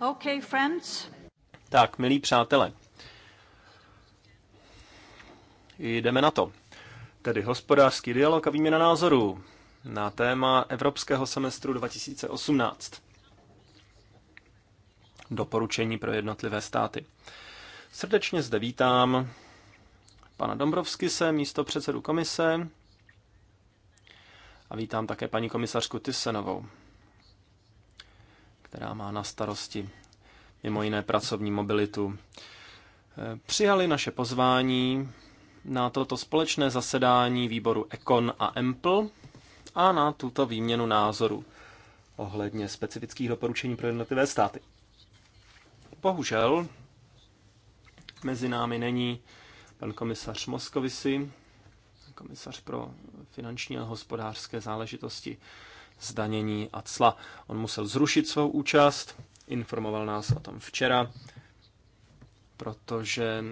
Okay, friends. Tak, milí přátelé, jdeme na to. Tedy hospodářský dialog a výměna názorů na téma Evropského semestru 2018. Doporučení pro jednotlivé státy. Srdečně zde vítám pana Dombrovskise, místo předsedu komise, a vítám také paní komisařku Tysenovou která má na starosti mimo jiné pracovní mobilitu, e, přijali naše pozvání na toto společné zasedání výboru Econ a Empl a na tuto výměnu názoru ohledně specifických doporučení pro jednotlivé státy. Bohužel mezi námi není pan komisař Moskovisi, komisař pro finanční a hospodářské záležitosti zdanění a cla. On musel zrušit svou účast, informoval nás o tom včera, protože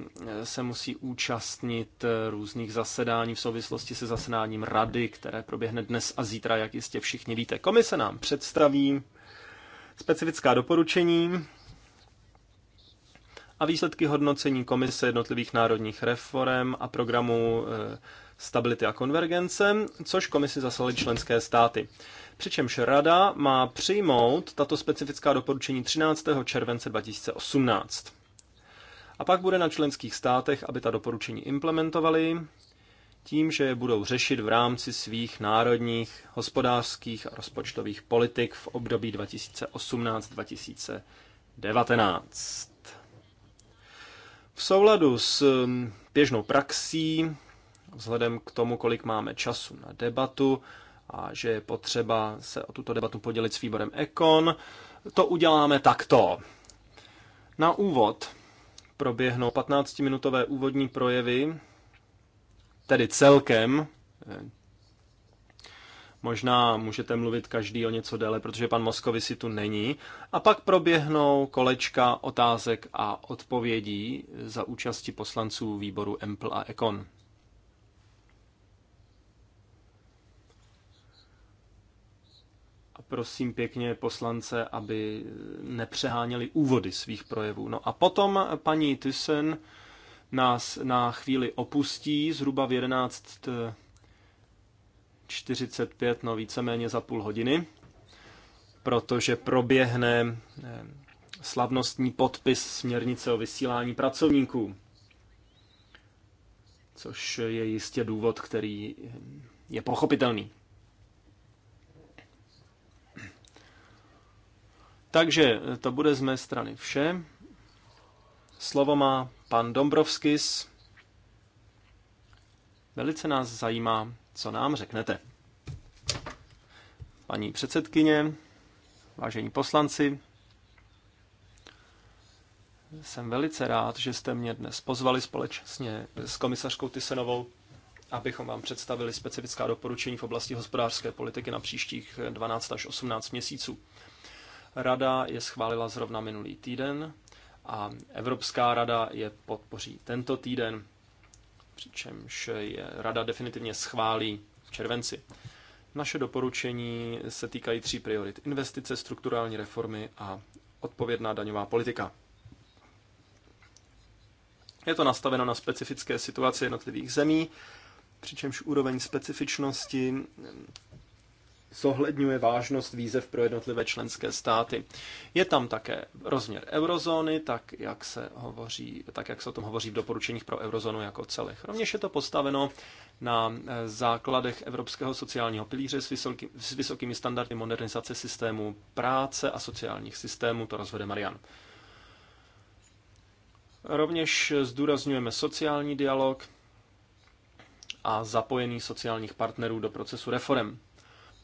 se musí účastnit různých zasedání v souvislosti se zasedáním rady, které proběhne dnes a zítra, jak jistě všichni víte. Komise nám představí specifická doporučení a výsledky hodnocení komise jednotlivých národních reform a programů eh, stability a konvergence, což komisi zaslali členské státy přičemž Rada má přijmout tato specifická doporučení 13. července 2018. A pak bude na členských státech, aby ta doporučení implementovali tím, že je budou řešit v rámci svých národních hospodářských a rozpočtových politik v období 2018-2019. V souladu s um, běžnou praxí, vzhledem k tomu, kolik máme času na debatu, a že je potřeba se o tuto debatu podělit s výborem Ekon. To uděláme takto. Na úvod proběhnou 15-minutové úvodní projevy, tedy celkem. Možná můžete mluvit každý o něco déle, protože pan Moskovici tu není. A pak proběhnou kolečka otázek a odpovědí za účasti poslanců výboru Empl a Ekon. prosím pěkně poslance, aby nepřeháněli úvody svých projevů. No a potom paní Thyssen nás na chvíli opustí, zhruba v 11.45, no víceméně za půl hodiny, protože proběhne eh, slavnostní podpis směrnice o vysílání pracovníků, což je jistě důvod, který je pochopitelný. Takže to bude z mé strany vše. Slovo má pan Dombrovskis. Velice nás zajímá, co nám řeknete. Paní předsedkyně, vážení poslanci, jsem velice rád, že jste mě dnes pozvali společně s komisařkou Tysenovou, abychom vám představili specifická doporučení v oblasti hospodářské politiky na příštích 12 až 18 měsíců. Rada je schválila zrovna minulý týden a Evropská rada je podpoří tento týden, přičemž je rada definitivně schválí v červenci. Naše doporučení se týkají tří priorit. Investice, strukturální reformy a odpovědná daňová politika. Je to nastaveno na specifické situace jednotlivých zemí, přičemž úroveň specifičnosti zohledňuje vážnost výzev pro jednotlivé členské státy. Je tam také rozměr eurozóny, tak jak se, hovoří, tak jak se o tom hovoří v doporučeních pro eurozónu jako celých. Rovněž je to postaveno na eh, základech Evropského sociálního pilíře s, vysoký, s vysokými standardy modernizace systému práce a sociálních systémů, to rozvede Marian. Rovněž zdůrazňujeme sociální dialog a zapojení sociálních partnerů do procesu reform.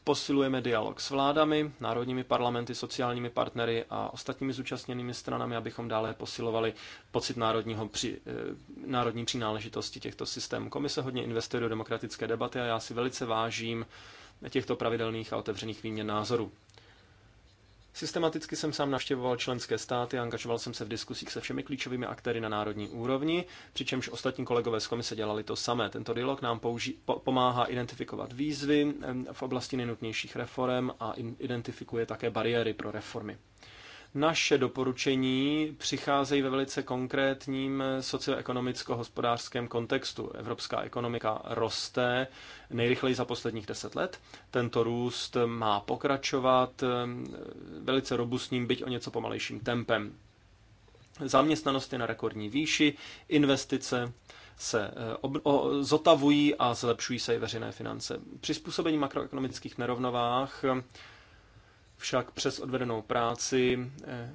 Posilujeme dialog s vládami, národními parlamenty, sociálními partnery a ostatními zúčastněnými stranami, abychom dále posilovali pocit národního při, eh, národní přináležitosti těchto systémů. Komise hodně investuje do demokratické debaty a já si velice vážím těchto pravidelných a otevřených výměn názorů. Systematicky jsem sám navštěvoval členské státy a angažoval jsem se v diskusích se všemi klíčovými aktéry na národní úrovni, přičemž ostatní kolegové z komise dělali to samé. Tento dialog nám použi- po, pomáhá identifikovat výzvy v oblasti nejnutnějších reform a identifikuje také bariéry pro reformy. Naše doporučení přicházejí ve velice konkrétním eh, socioekonomicko-hospodářském kontextu. Evropská ekonomika roste nejrychleji za posledních deset let. Tento růst má pokračovat eh, velice robustním, byť o něco pomalejším tempem. Zaměstnanost je na rekordní výši, investice se eh, ob, o, zotavují a zlepšují se i veřejné finance. Přizpůsobení makroekonomických nerovnovách však přes odvedenou práci eh,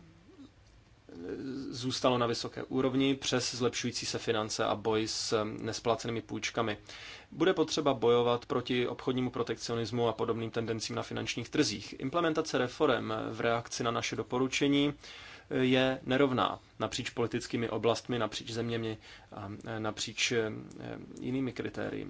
zůstalo na vysoké úrovni přes zlepšující se finance a boj s eh, nesplácenými půjčkami. Bude potřeba bojovat proti obchodnímu protekcionismu a podobným tendencím na finančních trzích. Implementace reform v reakci na naše doporučení eh, je nerovná napříč politickými oblastmi, napříč zeměmi a napříč jinými kritérii.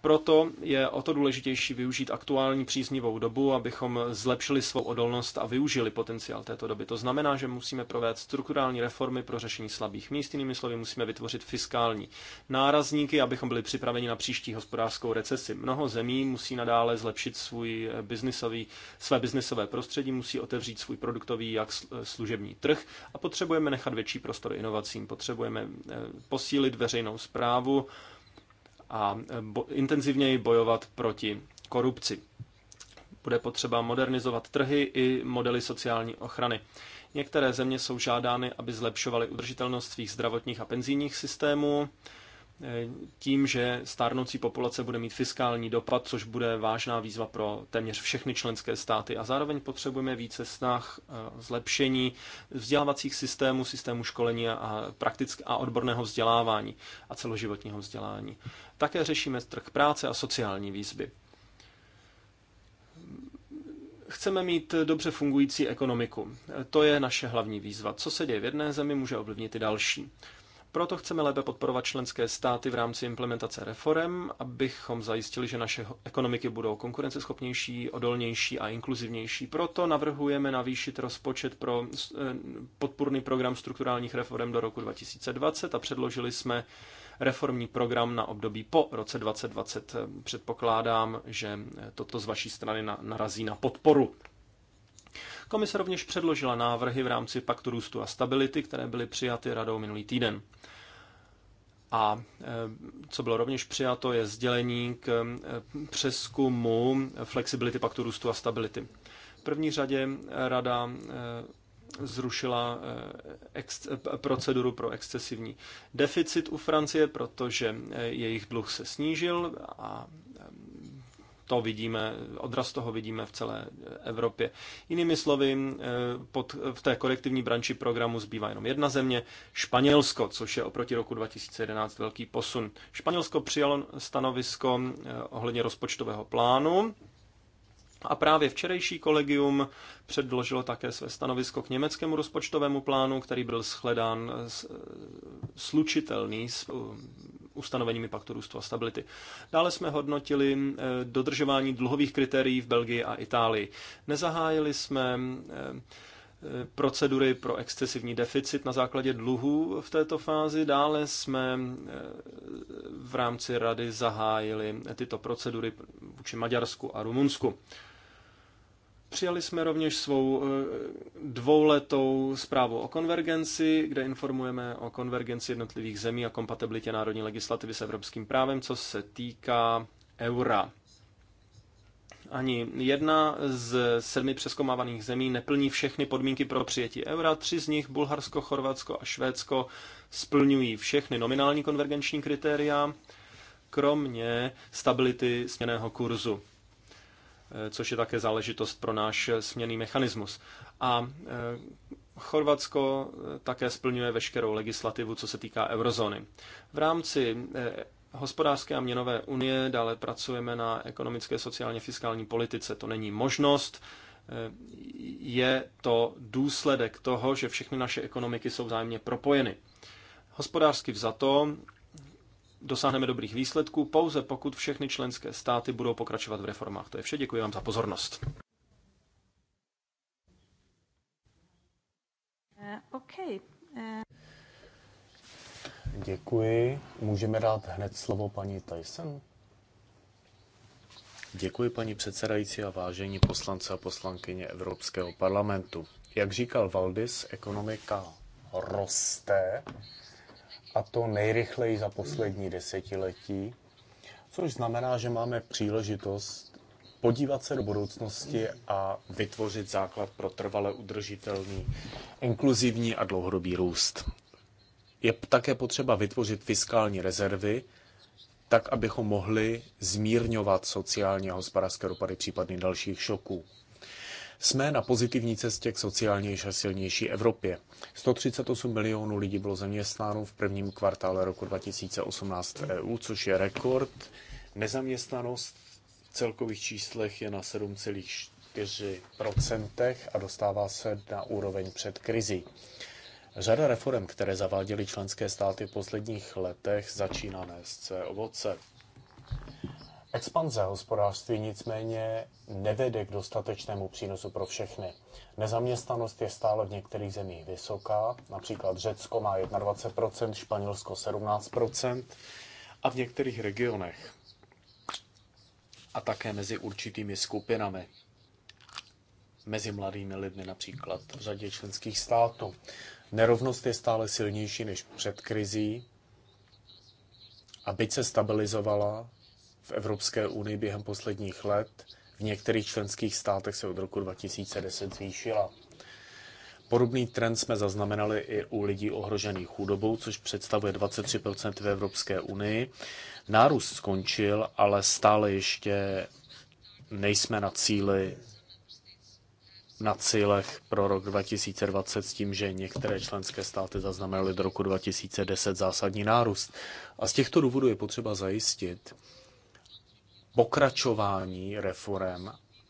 Proto je o to důležitější využít aktuální příznivou dobu, abychom zlepšili svou odolnost a využili potenciál této doby. To znamená, že musíme provést strukturální reformy pro řešení slabých míst, jinými slovy musíme vytvořit fiskální nárazníky, abychom byli připraveni na příští hospodářskou recesi. Mnoho zemí musí nadále zlepšit svůj biznisový, své biznisové prostředí, musí otevřít svůj produktový jak služební trh a potřebujeme nechat větší prostor inovacím, potřebujeme eh, posílit veřejnou zprávu, a e, bo- intenzivněji bojovat proti korupci. Bude potřeba modernizovat trhy i modely sociální ochrany. Některé země jsou žádány, aby zlepšovaly udržitelnost svých zdravotních a penzijních systémů, tím, že stárnoucí populace bude mít fiskální dopad, což bude vážná výzva pro téměř všechny členské státy. A zároveň potřebujeme více snah e, zlepšení vzdělávacích systémů, systému školení a, praktick- a odborného vzdělávání a celoživotního vzdělání. Také řešíme trh práce a sociální výzvy. Chceme mít dobře fungující ekonomiku. E, to je naše hlavní výzva. Co se děje v jedné zemi, může ovlivnit i další. Proto chceme lépe podporovat členské státy v rámci implementace reform, abychom zajistili, že naše ekonomiky budou konkurenceschopnější, odolnější a inkluzivnější. Proto navrhujeme navýšit rozpočet pro e, podpůrný program strukturálních reform do roku 2020 a předložili jsme reformní program na období po roce 2020. Předpokládám, že toto z vaší strany narazí na podporu. Komise rovněž předložila návrhy v rámci Paktu růstu a stability, které byly přijaty radou minulý týden. A e, co bylo rovněž přijato, je sdělení k e, přeskumu flexibility paktu růstu a stability. V první řadě rada e, zrušila ex- proceduru pro excesivní deficit u Francie, protože jejich dluh se snížil a to vidíme, odraz toho vidíme v celé Evropě. Jinými slovy, eh, pod, v té korektivní branči programu zbývá jenom jedna země, Španělsko, což je oproti roku 2011 velký posun. Španělsko přijalo stanovisko eh, ohledně rozpočtového plánu, a právě včerejší kolegium předložilo také své stanovisko k německému rozpočtovému plánu, který byl shledán eh, slučitelný s ustanoveními paktu růstu a stability. Dále jsme hodnotili eh, dodržování dluhových kritérií v Belgii a Itálii. Nezahájili jsme eh, eh, procedury pro excesivní deficit na základě dluhů v této fázi. Dále jsme v rámci rady zahájili tyto procedury vůči Maďarsku a Rumunsku. Přijali jsme rovněž svou eh, dvouletou zprávu o konvergenci, kde informujeme o konvergenci jednotlivých zemí a kompatibilitě národní legislativy s evropským právem, co se týká eura. Ani jedna z sedmi přeskomávaných zemí neplní všechny podmínky pro přijetí eura. Tři z nich, Bulharsko, Chorvatsko a Švédsko, splňují všechny nominální konvergenční kritéria, kromě stability směného kurzu. Eh, což je také záležitost pro náš směný mechanismus. A eh, Chorvatsko eh, také splňuje veškerou legislativu, co se týká eurozóny. V rámci hospodářské a měnové unie dále pracujeme na ekonomické, sociálně, fiskální politice. To není možnost, je to důsledek toho, že všechny naše ekonomiky jsou vzájemně propojeny. Hospodářsky vzato dosáhneme dobrých výsledků pouze pokud všechny členské státy budou pokračovat v reformách. To je vše, děkuji vám za pozornost. Eh, okay. Eh. Děkuji. Můžeme dát hned slovo paní Tyson? Děkuji paní předsedající a vážení poslance a poslankyně Evropského parlamentu. Jak říkal Valdis, ekonomika roste a to nejrychleji za poslední desetiletí, což znamená, že máme příležitost podívat se do budoucnosti a vytvořit základ pro trvale udržitelný, inkluzivní a dlouhodobý růst. Je také potřeba vytvořit fiskální rezervy, tak abychom mohli zmírňovat sociální a hospodářské dopady případných dalších šoků. Jsme na pozitivní cestě k sociálnější a silnější Evropě. 138 milionů lidí bylo zaměstnáno v prvním kvartále roku 2018 EU, což je rekord. Nezaměstnanost v celkových číslech je na 7,4% a dostává se na úroveň před krizí. Řada reform, které zaváděly členské státy v posledních letech, začíná nést své ovoce. Expanze hospodářství nicméně nevede k dostatečnému přínosu pro všechny. Nezaměstnanost je stále v některých zemích vysoká, například Řecko má 21%, Španělsko 17% a v některých regionech a také mezi určitými skupinami. Mezi mladými lidmi například v řadě členských států. Nerovnost je stále silnější než před krizí a byť se stabilizovala, Evropské unii během posledních let v některých členských státech se od roku 2010 zvýšila. Podobný trend jsme zaznamenali i u lidí ohrožených chudobou, což představuje 23% v Evropské unii. Nárůst skončil, ale stále ještě nejsme na cíli na cílech pro rok 2020 s tím, že některé členské státy zaznamenaly do roku 2010 zásadní nárůst. A z těchto důvodů je potřeba zajistit, pokračování reform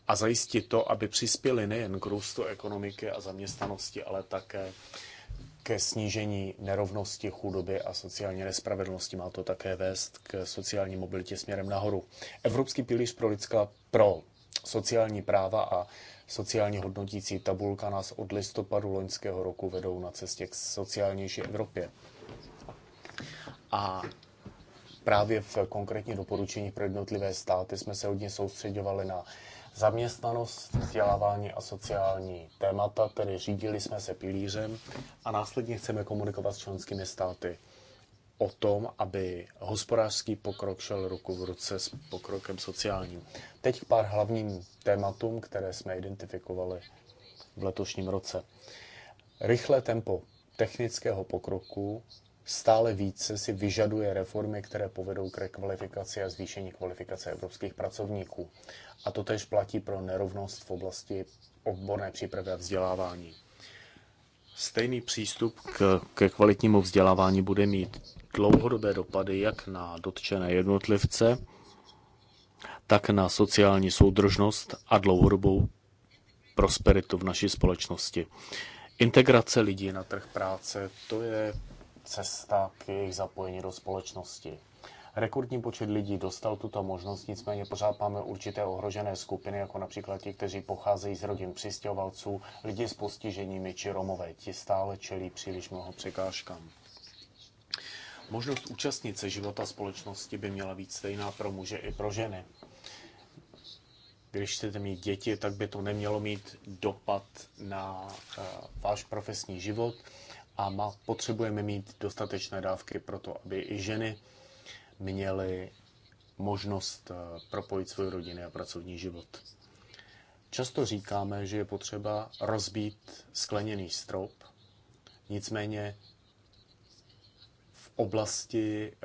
a zajistit to, aby přispěli nejen k růstu ekonomiky a zaměstnanosti, ale také ke snížení nerovnosti, chudoby a sociální nespravedlnosti. Má to také vést k sociální mobilitě směrem nahoru. Evropský pilíř pro lidská pro sociální práva a sociálně hodnotící tabulka nás od listopadu loňského roku vedou na cestě k sociálnější Evropě. A právě v konkrétních doporučeních pro jednotlivé státy jsme se hodně soustředovali na zaměstnanost, vzdělávání a sociální témata, tedy řídili jsme se pilířem a následně chceme komunikovat s členskými státy o tom, aby hospodářský pokrok šel ruku v ruce s pokrokem sociálním. Teď k pár hlavním tématům, které jsme identifikovali v letošním roce. Rychlé tempo technického pokroku stále více si vyžaduje reformy, které povedou k rekvalifikaci a zvýšení kvalifikace evropských pracovníků. A to tež platí pro nerovnost v oblasti odborné přípravy a vzdělávání. Stejný přístup k, ke kvalitnímu vzdělávání bude mít dlouhodobé dopady jak na dotčené jednotlivce, tak na sociální soudržnost a dlouhodobou prosperitu v naší společnosti. Integrace lidí na trh práce, to je cesta k jejich zapojení do společnosti. Rekordní počet lidí dostal tuto možnost, nicméně pořád máme určité ohrožené skupiny, jako například ti, kteří pocházejí z rodin přistěhovalců, lidi s postiženími či Romové. Ti stále čelí příliš mnoho překážkám. Možnost účastnit se života společnosti by měla být stejná pro muže i pro ženy. Když chcete mít děti, tak by to nemělo mít dopad na eh, váš profesní život a má potřebujeme mít dostatečné dávky pro to, aby i ženy měly možnost eh, propojit svůj rodiny a pracovní život. Často říkáme, že je potřeba rozbít skleněný strop, nicméně v oblasti eh,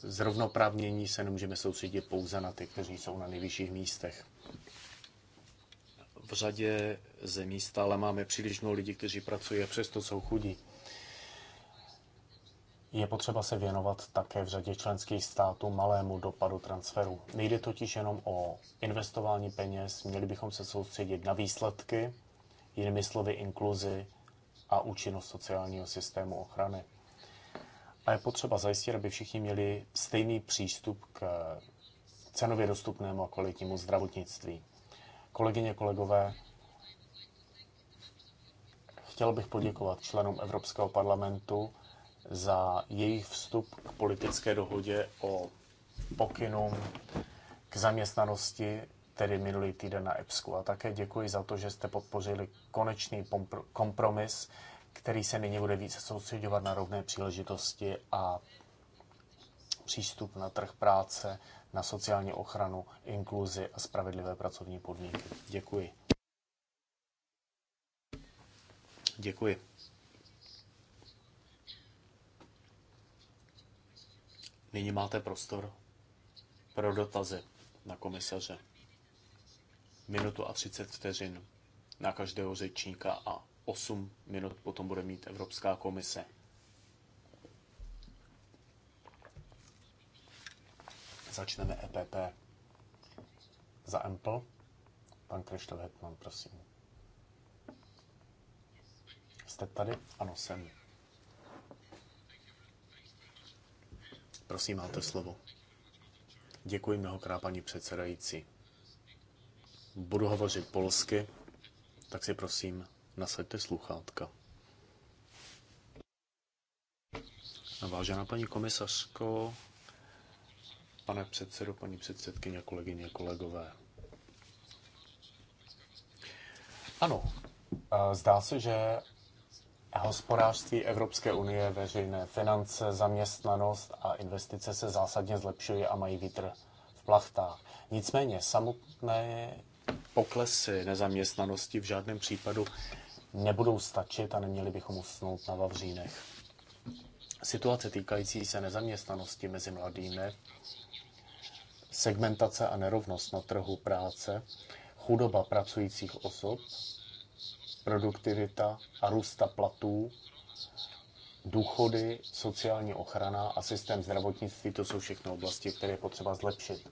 zrovnoprávnění se nemůžeme soustředit pouze na ty, kteří jsou na nejvyšších místech. V řadě zemí stále máme příliš mnoho lidí, kteří pracují a přesto jsou chudí. Je potřeba se věnovat také v řadě členských států malému dopadu transferu. Nejde totiž jenom o investování peněz, měli bychom se soustředit na výsledky, jinými slovy inkluzi a účinnost sociálního systému ochrany. A je potřeba zajistit, aby všichni měli stejný přístup k cenově dostupnému a kvalitnímu zdravotnictví. Kolegyně, kolegové, chtěl bych poděkovat členům Evropského parlamentu za jejich vstup k politické dohodě o pokynům k zaměstnanosti, tedy minulý týden na EPSku. A také děkuji za to, že jste podpořili konečný kompromis, který se nyní bude více soustředovat na rovné příležitosti a přístup na trh práce, na sociální ochranu, inkluzi a spravedlivé pracovní podmínky. Děkuji. Děkuji. Nyní máte prostor pro dotazy na komisaře. Minutu a 30 vteřin na každého řečníka a 8 minut potom bude mít Evropská komise. Začneme EPP. Za Ample. Pan Krištof Hetman, prosím. Jste tady? Ano, jsem. Prosím, máte slovo. Děkuji mnohokrát, paní předsedající. Budu hovořit polsky, tak si prosím nasaďte sluchátka. Vážená paní komisařko, pane předsedo, paní předsedkyně, kolegyně, kolegové. Ano, zdá se, že Hospodářství Evropské unie, veřejné finance, zaměstnanost a investice se zásadně zlepšují a mají vítr v plachtách. Nicméně samotné poklesy nezaměstnanosti v žádném případu nebudou stačit a neměli bychom usnout na Vavřínech. Situace týkající se nezaměstnanosti mezi mladými, segmentace a nerovnost na trhu práce, chudoba pracujících osob, produktivita a růsta platů, důchody, sociální ochrana a systém zdravotnictví, to jsou všechno oblasti, které je potřeba zlepšit.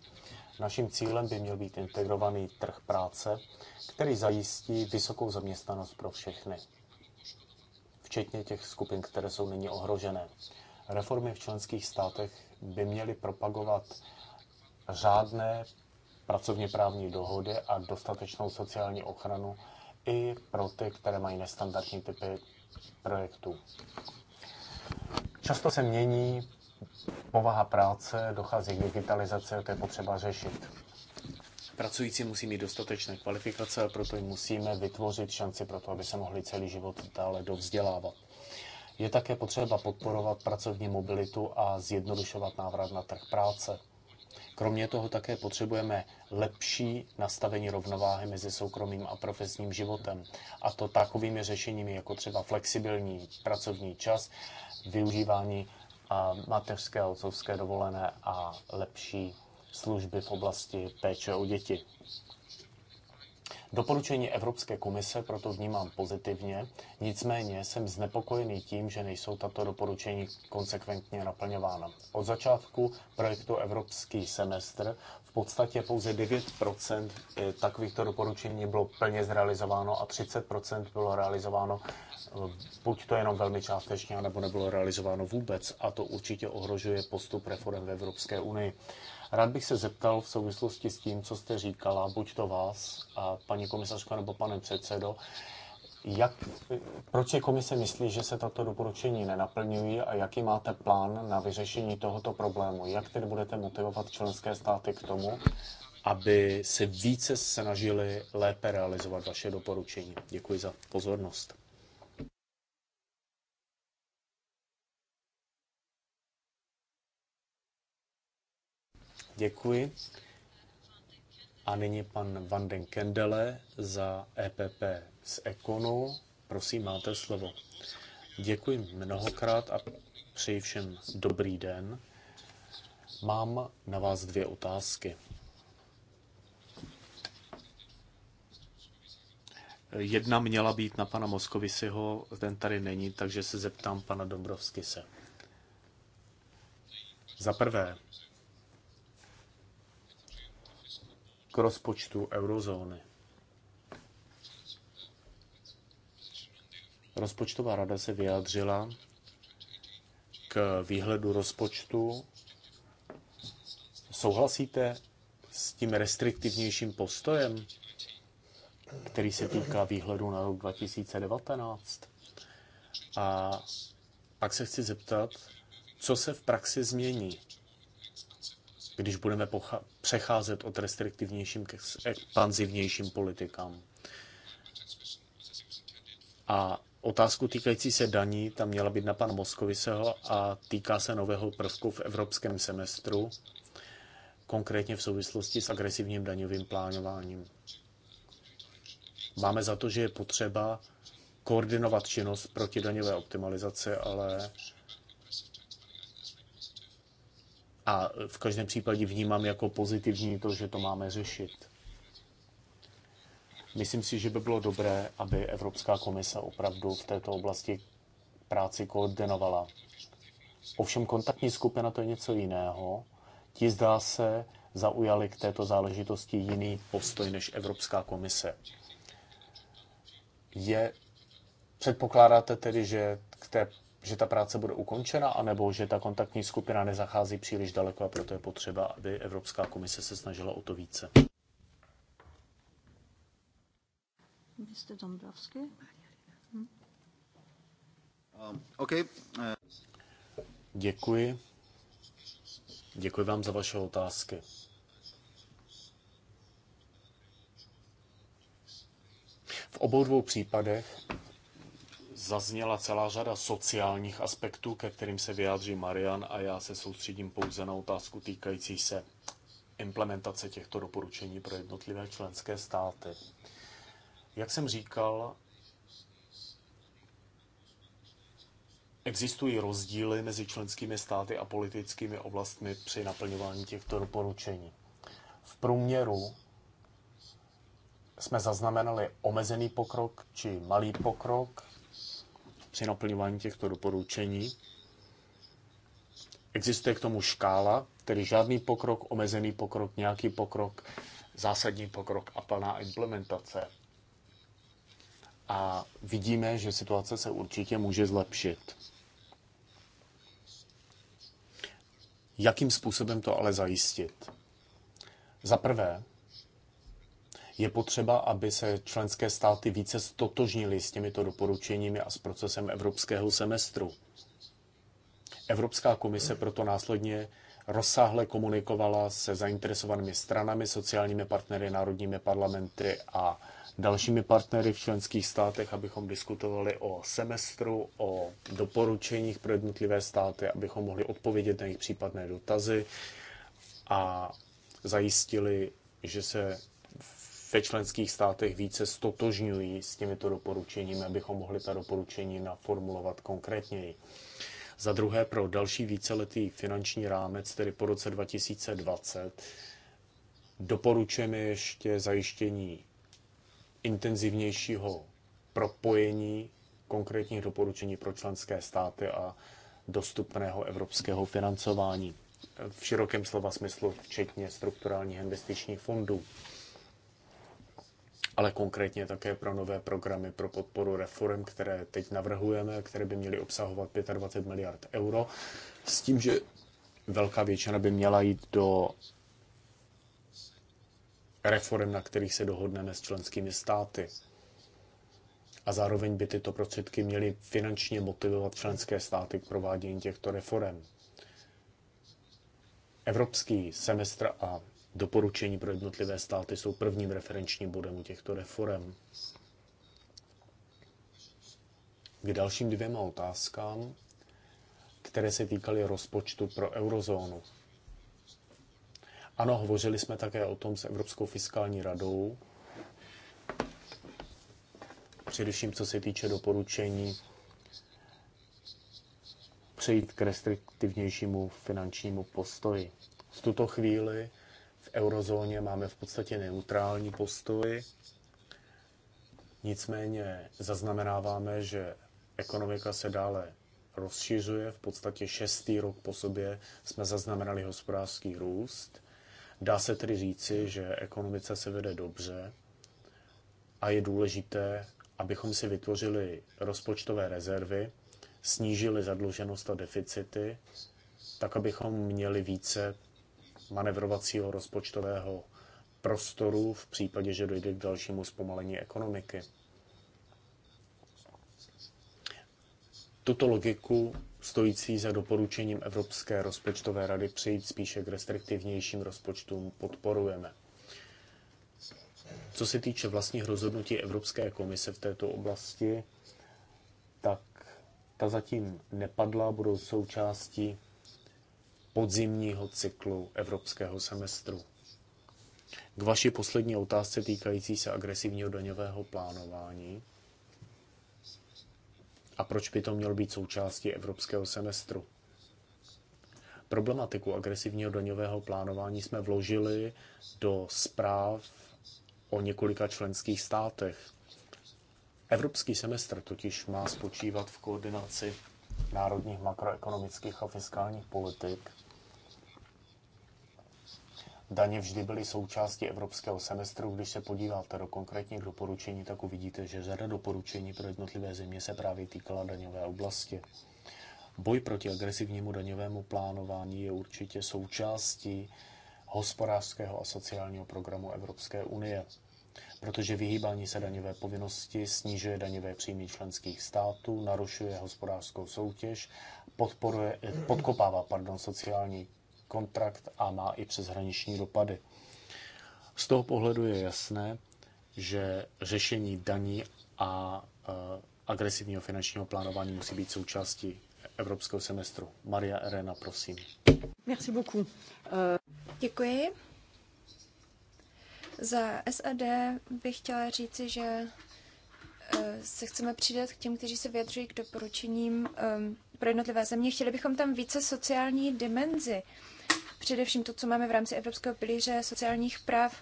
Naším cílem by měl být integrovaný trh práce, který zajistí vysokou zaměstnanost pro všechny, včetně těch skupin, které jsou nyní ohrožené. Reformy v členských státech by měly propagovat řádné pracovně právní dohody a dostatečnou sociální ochranu i pro ty, které mají nestandardní typy projektů. Často se mění povaha práce, dochází k digitalizaci a to je potřeba řešit. Pracující musí mít dostatečné kvalifikace a proto jim musíme vytvořit šanci pro to, aby se mohli celý život dále dovzdělávat. Je také potřeba podporovat pracovní mobilitu a zjednodušovat návrat na trh práce. Kromě toho také potřebujeme lepší nastavení rovnováhy mezi soukromým a profesním životem. A to takovými řešeními, jako třeba flexibilní pracovní čas, využívání mateřské a otcovské dovolené a lepší služby v oblasti péče o děti. Doporučení Evropské komise proto vnímám pozitivně, nicméně jsem znepokojený tím, že nejsou tato doporučení konsekventně naplňována. Od začátku projektu Evropský semestr v podstatě pouze 9 eh, takovýchto doporučení bylo plně zrealizováno a 30 bylo realizováno eh, buď to jenom velmi částečně, nebo nebylo realizováno vůbec. A to určitě ohrožuje postup reform v Evropské unii. Rád bych se zeptal v souvislosti s tím, co jste říkala, buď to vás, a paní komisařka nebo pane předsedo, jak, proč si komise myslí, že se tato doporučení nenaplňují a jaký máte plán na vyřešení tohoto problému? Jak tedy budete motivovat členské státy k tomu, aby se více snažili lépe realizovat vaše doporučení? Děkuji za pozornost. Děkuji. A nyní pan Van den Kendele za EPP z Ekonu. Prosím, máte slovo. Děkuji mnohokrát a přeji všem dobrý den. Mám na vás dvě otázky. Jedna měla být na pana Moskovisiho, ten tady není, takže se zeptám pana Dombrovskise. Za prvé, k rozpočtu eurozóny. Rozpočtová rada se vyjádřila k výhledu rozpočtu. Souhlasíte s tím restriktivnějším postojem, který se týká výhledu na rok 2019? A pak se chci zeptat, co se v praxi změní? když budeme přecházet od restriktivnějším k expanzivnějším politikám. A otázku týkající se daní, tam měla být na pan Moskoviseho a týká se nového prvku v evropském semestru, konkrétně v souvislosti s agresivním daňovým plánováním. Máme za to, že je potřeba koordinovat činnost proti daňové optimalizaci, ale A v každém případě vnímám jako pozitivní to, že to máme řešit. Myslím si, že by bylo dobré, aby Evropská komise opravdu v této oblasti práci koordinovala. Ovšem kontaktní skupina to je něco jiného. Ti zdá se zaujali k této záležitosti jiný postoj než Evropská komise. Je, předpokládáte tedy, že k té že ta práce bude ukončena, anebo že ta kontaktní skupina nezachází příliš daleko a proto je potřeba, aby Evropská komise se snažila o to více. Mr. Dombrovsky? Hm? Um, okay. Eh, Děkuji. Děkuji vám za vaše otázky. V obou dvou případech zazněla celá řada sociálních aspektů, ke kterým se vyjádří Marian a já se soustředím pouze na otázku týkající se implementace těchto doporučení pro jednotlivé členské státy. Jak jsem říkal, existují rozdíly mezi členskými státy a politickými oblastmi při naplňování těchto doporučení. V průměru jsme zaznamenali omezený pokrok či malý pokrok při naplňování těchto doporučení. Existuje k tomu škála, tedy žádný pokrok, omezený pokrok, nějaký pokrok, zásadní pokrok a plná implementace. A vidíme, že situace se určitě může zlepšit. Jakým způsobem to ale zajistit? Za prvé, je potřeba, aby se členské státy více stotožnily s těmito doporučeními a s procesem evropského semestru. Evropská komise proto následně rozsáhle komunikovala se zainteresovanými stranami, sociálními partnery, národními parlamenty a dalšími partnery v členských státech, abychom diskutovali o semestru, o doporučeních pro jednotlivé státy, abychom mohli odpovědět na jejich případné dotazy a zajistili, že se ve členských státech více stotožňují s těmito doporučeními, abychom mohli ta doporučení naformulovat konkrétněji. Za druhé pro další víceletý finanční rámec, tedy po roce 2020, doporučujeme ještě zajištění intenzivnějšího propojení konkrétních doporučení pro členské státy a dostupného evropského financování v širokém slova smyslu, včetně strukturálních investičních fondů ale konkrétně také pro nové programy pro podporu reform, které teď navrhujeme, které by měly obsahovat 25 miliard euro, s tím, že velká většina by měla jít do reform, na kterých se dohodneme s členskými státy. A zároveň by tyto prostředky měly finančně motivovat členské státy k provádění těchto reform. Evropský semestr a doporučení pro jednotlivé státy jsou prvním referenčním bodem u těchto reform. K dalším dvěma otázkám, které se týkaly rozpočtu pro eurozónu. Ano, hovořili jsme také o tom s Evropskou fiskální radou, především co se týče doporučení přejít k restriktivnějšímu finančnímu postoji. V tuto chvíli eurozóně máme v podstatě neutrální postoj. Nicméně zaznamenáváme, že ekonomika se dále rozšiřuje. V podstatě šestý rok po sobě jsme zaznamenali hospodářský růst. Dá se tedy říci, že ekonomice se vede dobře a je důležité, abychom si vytvořili rozpočtové rezervy, snížili zadluženost a deficity, tak abychom měli více manevrovacího rozpočtového prostoru v případě, že dojde k dalšímu zpomalení ekonomiky. Tuto logiku stojící za doporučením Evropské rozpočtové rady přejít spíše k restriktivnějším rozpočtům podporujeme. Co se týče vlastních rozhodnutí Evropské komise v této oblasti, tak ta zatím nepadla, budou součástí podzimního cyklu evropského semestru. K vaší poslední otázce týkající se agresivního daňového plánování a proč by to mělo být součástí evropského semestru. Problematiku agresivního daňového plánování jsme vložili do zpráv o několika členských státech. Evropský semestr totiž má spočívat v koordinaci národních makroekonomických a fiskálních politik Daně vždy byly součástí evropského semestru. Když se podíváte do konkrétních doporučení, tak uvidíte, že řada doporučení pro jednotlivé země se právě týkala daňové oblasti. Boj proti agresivnímu daňovému plánování je určitě součástí hospodářského a sociálního programu Evropské unie, protože vyhýbání se daňové povinnosti snižuje daňové příjmy členských států, narušuje hospodářskou soutěž, podporuje, podkopává pardon, sociální kontrakt a má i přeshraniční dopady. Z toho pohledu je jasné, že řešení daní a e, agresivního finančního plánování musí být součástí evropského semestru. Maria Arena, prosím. Merci beaucoup. E, děkuji. Za SAD bych chtěla říci, že e, se chceme přidat k těm, kteří se vyjadřují k doporučením pro jednotlivé země. Chtěli bychom tam více sociální dimenzi především to, co máme v rámci Evropského pilíře sociálních práv.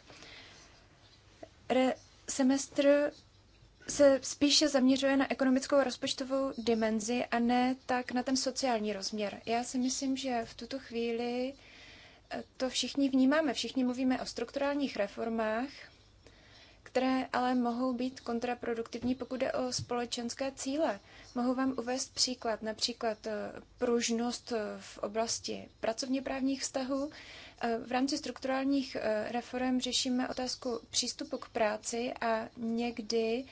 Re- semestr se spíše zaměřuje na ekonomickou rozpočtovou dimenzi a ne tak na ten sociální rozměr. Já si myslím, že v tuto chvíli eh, to všichni vnímáme. Všichni mluvíme o strukturálních reformách, které ale mohou být kontraproduktivní, pokud jde o společenské cíle. Mohu vám uvést příklad, například eh, pružnost eh, v oblasti pracovně právních vztahů. Eh, v rámci strukturálních reform řešíme otázku přístupu k práci a někdy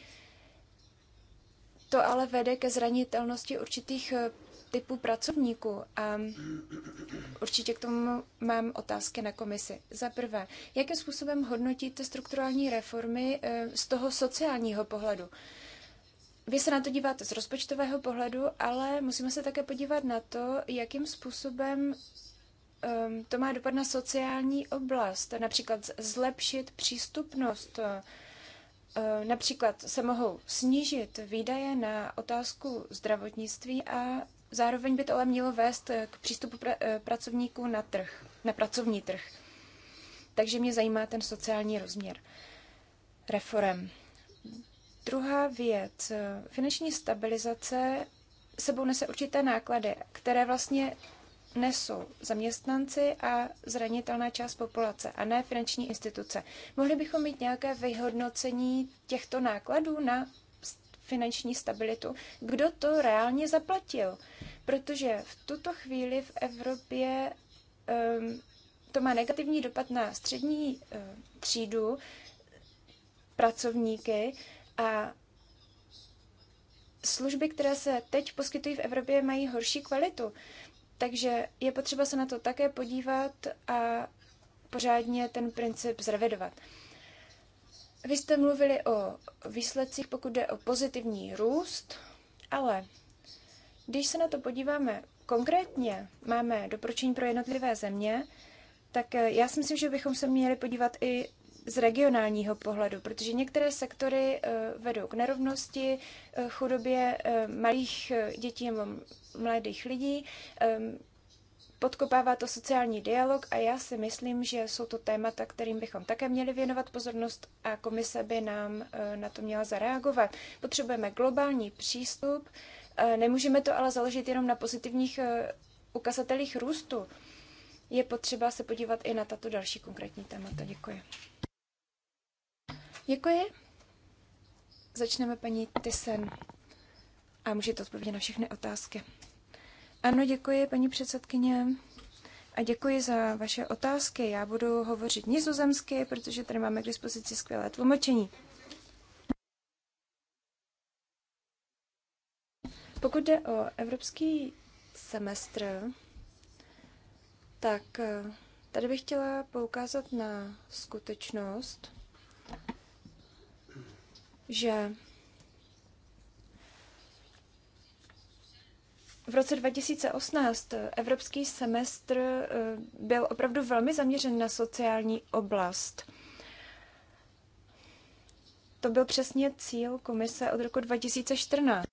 to ale vede ke zranitelnosti určitých Typu pracovníků a určitě k tomu mám otázky na komisi. Za prvé, jakým způsobem hodnotíte strukturální reformy eh, z toho sociálního pohledu? Vy se na to díváte z rozpočtového pohledu, ale musíme se také podívat na to, jakým způsobem ehm, to má dopad na sociální oblast. Například zlepšit přístupnost eh, Například se mohou snížit výdaje na otázku zdravotnictví a Zároveň by to ale mělo vést eh, k přístupu pr- eh, pracovníků na trh, na pracovní trh. Takže mě zajímá ten sociální rozměr reform. Druhá věc. Eh, finanční stabilizace sebou nese určité náklady, které vlastně nesou zaměstnanci a zranitelná část populace a ne finanční instituce. Mohli bychom mít nějaké vyhodnocení těchto nákladů na finanční stabilitu. Kdo to reálně zaplatil? Protože v tuto chvíli v Evropě um, to má negativní dopad na střední uh, třídu, pracovníky a služby, které se teď poskytují v Evropě, mají horší kvalitu. Takže je potřeba se na to také podívat a pořádně ten princip zrevidovat. Vy jste mluvili o výsledcích, pokud jde o pozitivní růst, ale když se na to podíváme konkrétně, máme doporučení pro jednotlivé země, tak eh, já si myslím, že bychom se měli podívat i z regionálního pohledu, protože některé sektory eh, vedou k nerovnosti, eh, chudobě malých dětí nebo mladých lidí podkopává to sociální dialog a já si myslím, že jsou to témata, kterým bychom také měli věnovat pozornost a komise by nám eh, na to měla zareagovat. Potřebujeme globální přístup, eh, nemůžeme to ale založit jenom na pozitivních eh, ukazatelích růstu. Je potřeba se podívat i na tato další konkrétní témata. Děkuji. Děkuji. Začneme paní Tysen a můžete odpovědět na všechny otázky. Ano, děkuji, paní předsedkyně. A děkuji za vaše otázky. Já budu hovořit nizozemsky, protože tady máme k dispozici skvělé tlumočení. Pokud jde o evropský semestr, tak eh, tady bych chtěla poukázat na skutečnost, že v roce 2018 eh, evropský semestr eh, byl opravdu velmi zaměřen na sociální oblast. To byl přesně cíl komise od roku 2014.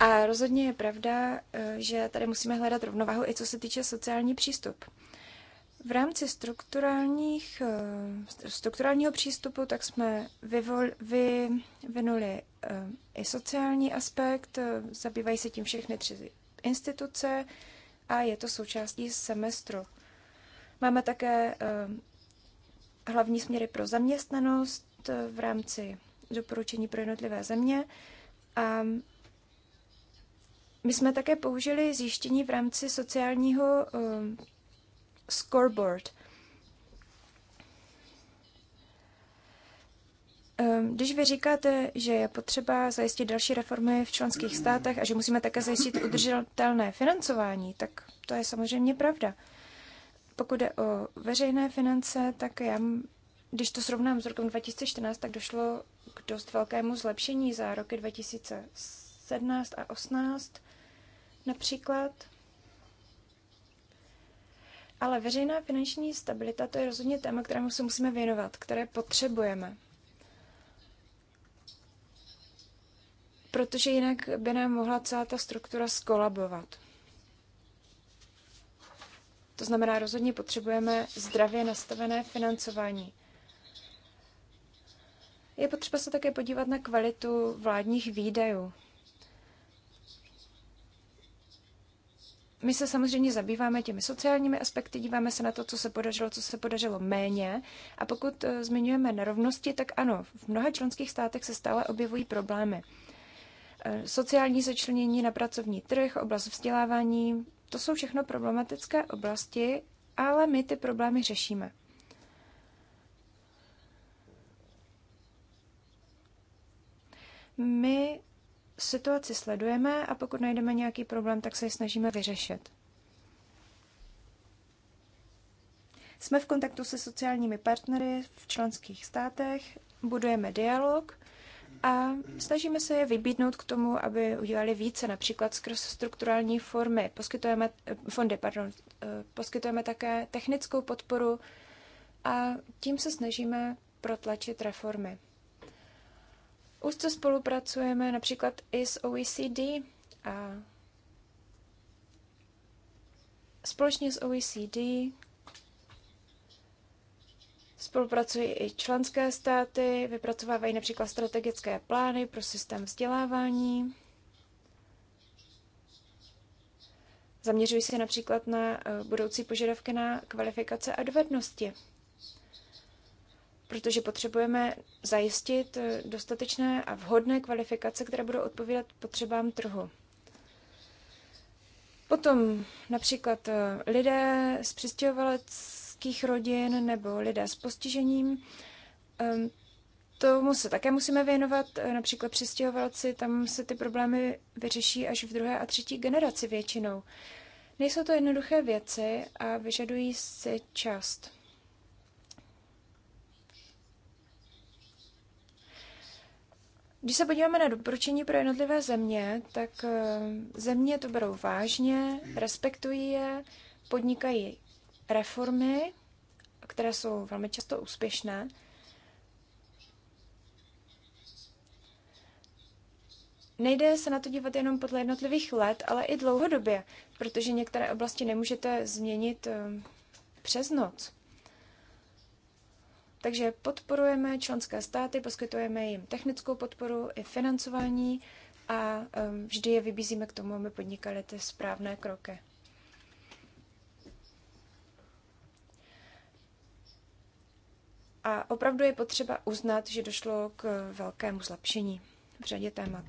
A rozhodně je pravda, eh, že tady musíme hledat rovnováhu i co se týče sociální přístup. V rámci strukturálních, eh, strukturálního přístupu tak jsme vyvol, vy, eh, i sociální aspekt, eh, zabývají se tím všechny tři instituce a je to součástí semestru. Máme také hlavní směry pro zaměstnanost v rámci doporučení pro jednotlivé země a my jsme také použili zjištění v rámci sociálního scoreboard. Ehm, když vy říkáte, že je potřeba zajistit další reformy v členských státech a že musíme také zajistit udržitelné financování, tak to je samozřejmě pravda. Pokud jde o veřejné finance, tak já, když to srovnám s rokem 2014, tak došlo k dost velkému zlepšení za roky 2017 a 2018 například. Ale veřejná finanční stabilita to je rozhodně téma, kterému se musíme věnovat, které potřebujeme. Protože jinak by nám mohla celá ta struktura skolabovat. To znamená, rozhodně potřebujeme zdravě nastavené financování. Je potřeba se také podívat na kvalitu vládních výdajů. My se samozřejmě zabýváme těmi sociálními aspekty, díváme se na to, co se podařilo, co se podařilo méně. A pokud eh, zmiňujeme nerovnosti, tak ano, v mnoha členských státech se stále objevují problémy. Eh, sociální začlenění na pracovní trh, oblast vzdělávání, to jsou všechno problematické oblasti, ale my ty problémy řešíme. My situaci sledujeme a pokud najdeme nějaký problém, tak se ji snažíme vyřešit. Jsme v kontaktu se sociálními partnery v členských státech, budujeme dialog a snažíme se je vybídnout k tomu, aby udělali více, například skrz strukturální formy. Poskytujeme, eh, fondy, pardon, eh, poskytujeme také technickou podporu a tím se snažíme protlačit reformy. Úzce spolupracujeme například i s OECD a společně s OECD spolupracují i členské státy, vypracovávají například strategické plány pro systém vzdělávání, zaměřují se například na eh, budoucí požadavky na kvalifikace a dovednosti protože potřebujeme zajistit eh, dostatečné a vhodné kvalifikace, které budou odpovídat potřebám trhu. Potom například eh, lidé z přistěhovaleckých rodin nebo lidé s postižením. Ehm, tomu se také musíme věnovat. Eh, například přistěhovalci, tam se ty problémy vyřeší až v druhé a třetí generaci většinou. Nejsou to jednoduché věci a vyžadují si čas. Když se podíváme na doporučení pro jednotlivé země, tak eh, země to berou vážně, respektují je, podnikají reformy, které jsou velmi často úspěšné. Nejde se na to dívat jenom podle jednotlivých let, ale i dlouhodobě, protože některé oblasti nemůžete změnit eh, přes noc. Takže podporujeme členské státy, poskytujeme jim technickou podporu i financování a um, vždy je vybízíme k tomu, aby podnikali ty správné kroky. A opravdu je potřeba uznat, že došlo k velkému zlepšení v řadě témat.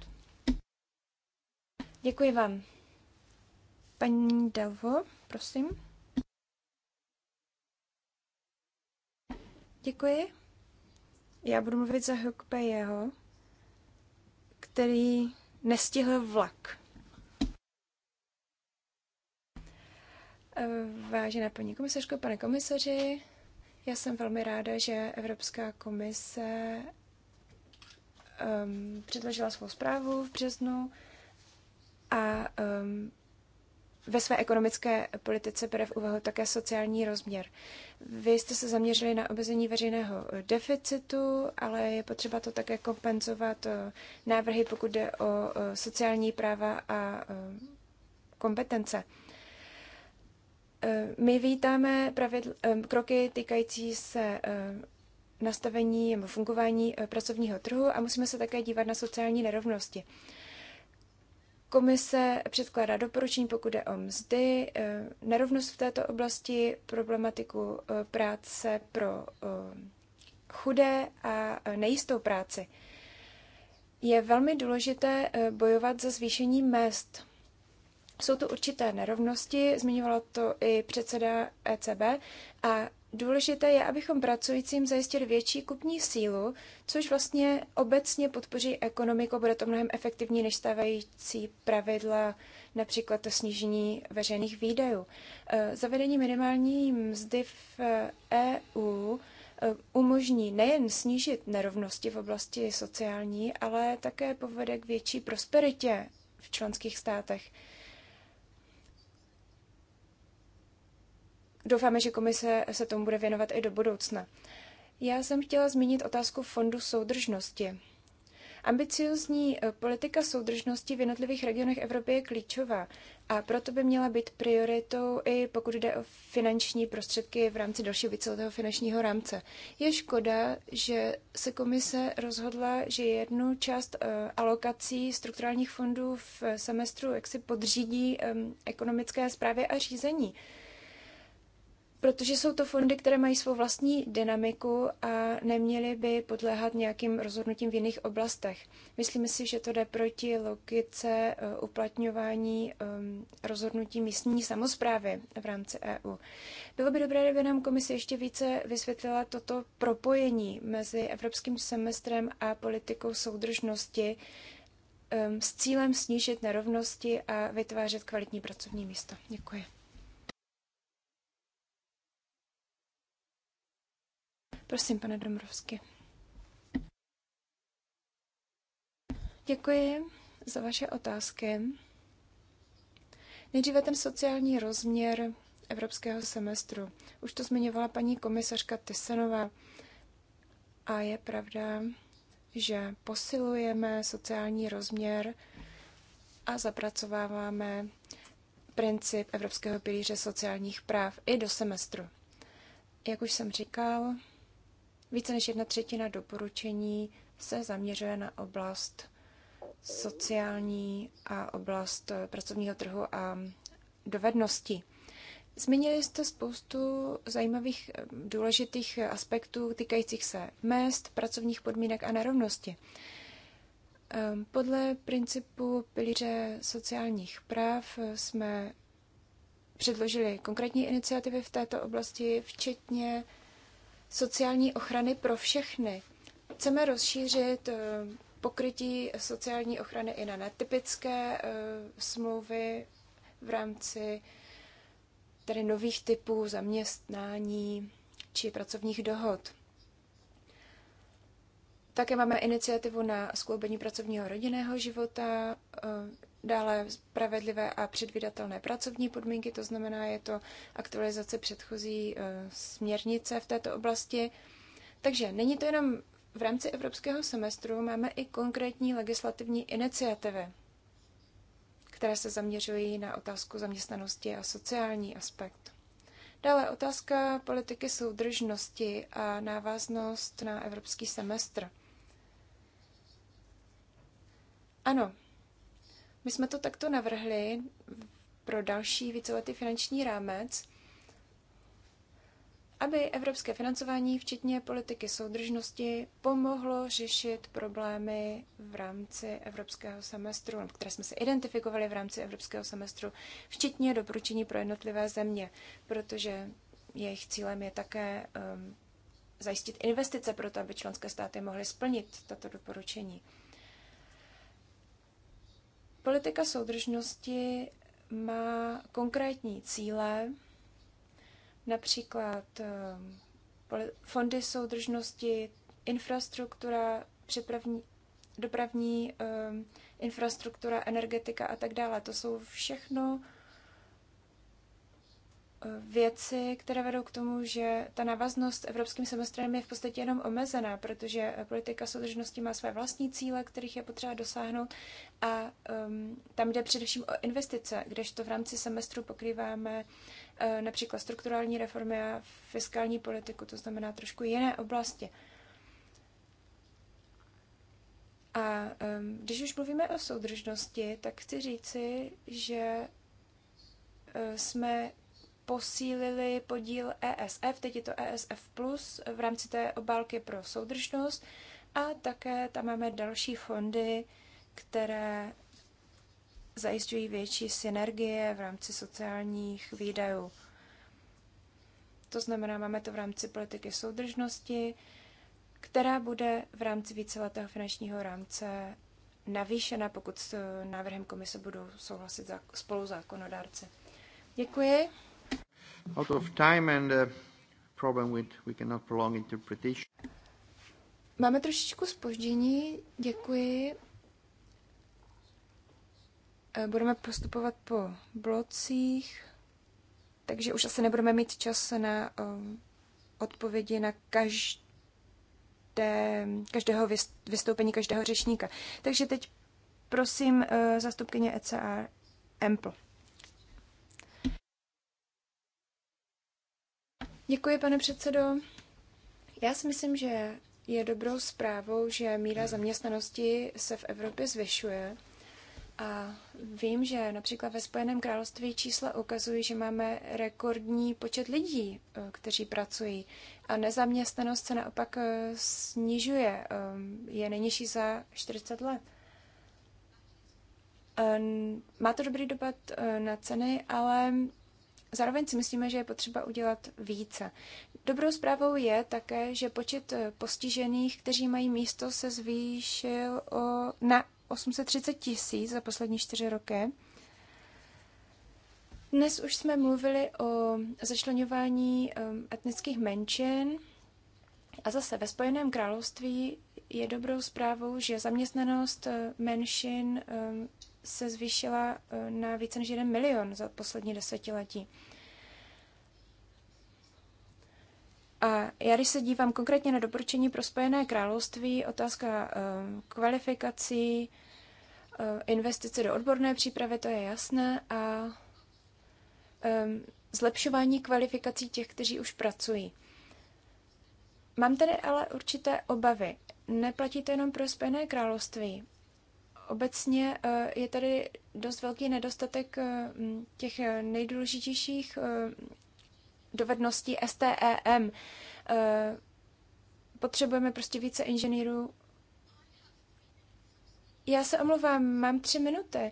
Děkuji vám. Paní Delvo, prosím. Děkuji. Já budu mluvit za Hokpejeho, který nestihl vlak. Vážená paní komisařko, pane komisaři, já jsem velmi ráda, že Evropská komise um, předložila svou zprávu v březnu a um, ve své ekonomické politice bere v úvahu také sociální rozměr. Vy jste se zaměřili na obezení veřejného deficitu, ale je potřeba to také kompenzovat eh, návrhy, pokud jde o eh, sociální práva a eh, kompetence. My vítáme pravidl, kroky týkající se nastavení nebo fungování pracovního trhu a musíme se také dívat na sociální nerovnosti. Komise předkládá doporučení, pokud je o mzdy, eh, nerovnost v této oblasti, problematiku eh, práce pro eh, chudé a nejistou práci. Je velmi důležité bojovat za zvýšení mest. Jsou tu určité nerovnosti, zmiňovala to i předseda ECB, a Důležité je, abychom pracujícím zajistili větší kupní sílu, což vlastně obecně podpoří ekonomiku, bude to mnohem efektivní než stávající pravidla, například to snížení veřejných výdajů. Eh, zavedení minimální mzdy v EU eh, e eh, umožní nejen snížit nerovnosti v oblasti sociální, ale také povede k větší prosperitě v členských státech. doufáme, že komise se tomu bude věnovat i do budoucna. Já jsem chtěla zmínit otázku fondu soudržnosti. Ambiciozní eh, politika soudržnosti v jednotlivých regionech Evropy je klíčová a proto by měla být prioritou i pokud jde o finanční prostředky v rámci dalšího víceletého finančního rámce. Je škoda, že se komise rozhodla, že jednu část eh, alokací strukturálních fondů v semestru jaksi podřídí ekonomické zprávě a řízení protože jsou to fondy, které mají svou vlastní dynamiku a neměly by podléhat nějakým rozhodnutím v jiných oblastech. Myslíme si, že to jde proti logice eh, uplatňování ehm, rozhodnutí místní samozprávy v rámci EU. Bylo by dobré, kdyby nám komise ještě více vysvětlila toto propojení mezi evropským semestrem a politikou soudržnosti ehm, s cílem snížit nerovnosti a vytvářet kvalitní pracovní místa. Děkuji. Prosím, pane Domrovsky. Děkuji za vaše otázky. Nejdříve ten sociální rozměr evropského semestru. Už to zmiňovala paní komisařka Tysenová. A je pravda, že posilujeme sociální rozměr a zapracováváme princip Evropského pilíře sociálních práv i do semestru. Jak už jsem říkal, více než jedna třetina doporučení se zaměřuje na oblast sociální a oblast eh, pracovního trhu a dovednosti. Zmínili jste spoustu zajímavých, eh, důležitých eh, aspektů týkajících se mest, pracovních podmínek a nerovnosti. Ehm, podle principu pilíře sociálních práv jsme předložili konkrétní iniciativy v této oblasti, včetně sociální ochrany pro všechny. Chceme rozšířit eh, pokrytí sociální ochrany i na netypické eh, smlouvy v rámci tedy nových typů zaměstnání či pracovních dohod. Také máme iniciativu na skloubení pracovního rodinného života, eh, Dále spravedlivé a předvídatelné pracovní podmínky, to znamená, je to aktualizace předchozí eh, směrnice v této oblasti. Takže není to jenom v rámci evropského semestru, máme i konkrétní legislativní iniciativy, které se zaměřují na otázku zaměstnanosti a sociální aspekt. Dále otázka politiky soudržnosti a návaznost na evropský semestr. Ano, my jsme to takto navrhli pro další víceletý finanční rámec, aby evropské financování, včetně politiky soudržnosti, pomohlo řešit problémy v rámci evropského semestru, které jsme si identifikovali v rámci evropského semestru, včetně doporučení pro jednotlivé země, protože jejich cílem je také um, zajistit investice pro to, aby členské státy mohly splnit tato doporučení. Politika soudržnosti má konkrétní cíle, například eh, fondy soudržnosti, infrastruktura, přepravní, dopravní eh, infrastruktura, energetika a tak dále. To jsou všechno věci, které vedou k tomu, že ta navaznost evropským semestrem je v podstatě jenom omezená, protože eh, politika soudržnosti má své vlastní cíle, kterých je potřeba dosáhnout a um, tam jde především o investice, kdežto v rámci semestru pokrýváme uh, například strukturální reformy a fiskální politiku, to znamená trošku jiné oblasti. A um, když už mluvíme o soudržnosti, tak chci říci, že eh, jsme posílili podíl ESF, teď je to ESF+, plus v rámci té obálky pro soudržnost a také tam máme další fondy, které zajišťují větší synergie v rámci sociálních výdajů. To znamená, máme to v rámci politiky soudržnosti, která bude v rámci víceletého finančního rámce navýšena, pokud s návrhem komise budou souhlasit spolu zákonodárci. Děkuji out of time and uh, problem with we cannot prolong interpretation. Máme trošičku spoždění, děkuji. Eh, budeme postupovat po blocích, takže už asi nebudeme mít čas na um, odpovědi na každé, každého vystoupení každého řečníka. Takže teď prosím uh, zastupkyně ECR Ample. Děkuji, pane předsedo. Já si myslím, že je dobrou zprávou, že míra zaměstnanosti se v Evropě zvyšuje. A vím, že například ve Spojeném království čísla ukazují, že máme rekordní počet lidí, eh, kteří pracují. A nezaměstnanost se naopak eh, snižuje. Ehm, je nejnižší za 40 let. Ehm, má to dobrý dopad eh, na ceny, ale Zároveň si myslíme, že je potřeba udělat více. Dobrou zprávou je také, že počet eh, postižených, kteří mají místo, se zvýšil o, na 830 tisíc za poslední čtyři roky. Dnes už jsme mluvili o začlenování eh, etnických menšin a zase ve Spojeném království je dobrou zprávou, že zaměstnanost eh, menšin se zvýšila eh, na více než 1 milion za poslední desetiletí. A já když se dívám konkrétně na doporučení pro Spojené království, otázka eh, kvalifikací, eh, investice do odborné přípravy, to je jasné, a zlepšování kvalifikací těch, kteří už pracují. Mám tady ale určité obavy. Neplatí to jenom pro Spojené království. Obecně eh, je tady dost velký nedostatek eh, těch eh, nejdůležitějších dovedností STEM. Potřebujeme prostě více inženýrů. Já se omluvám, mám tři minuty.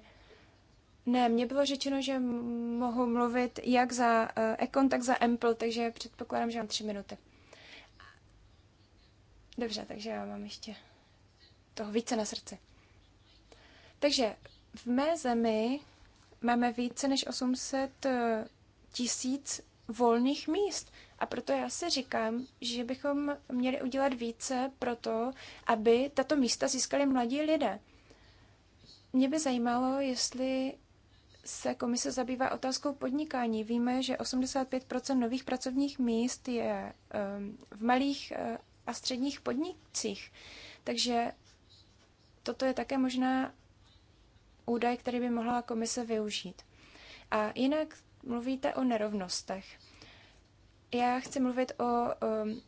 Ne, mně bylo řečeno, že mohu mluvit jak za Econ, tak za Ample, takže předpokládám, že mám tři minuty. Dobře, takže já mám ještě toho více na srdci. Takže v mé zemi máme více než 800 eh, tisíc volných míst. A proto já si říkám, že bychom měli udělat více pro to, aby tato místa získali mladí lidé. Mě by zajímalo, jestli se komise zabývá otázkou podnikání. Víme, že 85 nových pracovních míst je ehm, v malých eh, a středních podnicích. Takže toto je také možná údaj, který by mohla komise využít. A jinak mluvíte o nerovnostech. Já chci mluvit o um,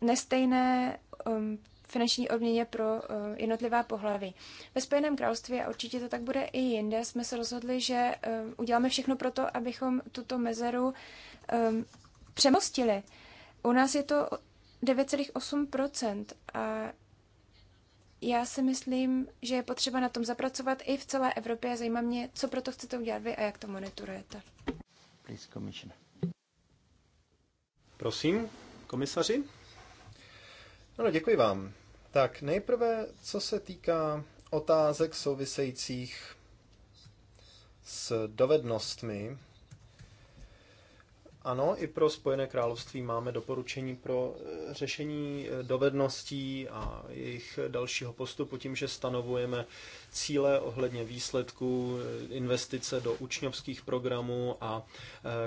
nestejné um, finanční odměně pro um, jednotlivá pohlaví. Ve Spojeném království, a určitě to tak bude i jinde, jsme se rozhodli, že um, uděláme všechno pro to, abychom tuto mezeru um, přemostili. U nás je to 9,8% a já si myslím, že je potřeba na tom zapracovat i v celé Evropě zajímá mě, co proto chcete udělat vy a jak to monitorujete. Please, commissioner. Prosím, komisaři. Ano, děkuji vám. Tak nejprve, co se týká otázek souvisejících s dovednostmi ano, i pro Spojené království máme doporučení pro e, řešení e, dovedností a jejich dalšího postupu tím, že stanovujeme cíle ohledně výsledků, e, investice do učňovských programů a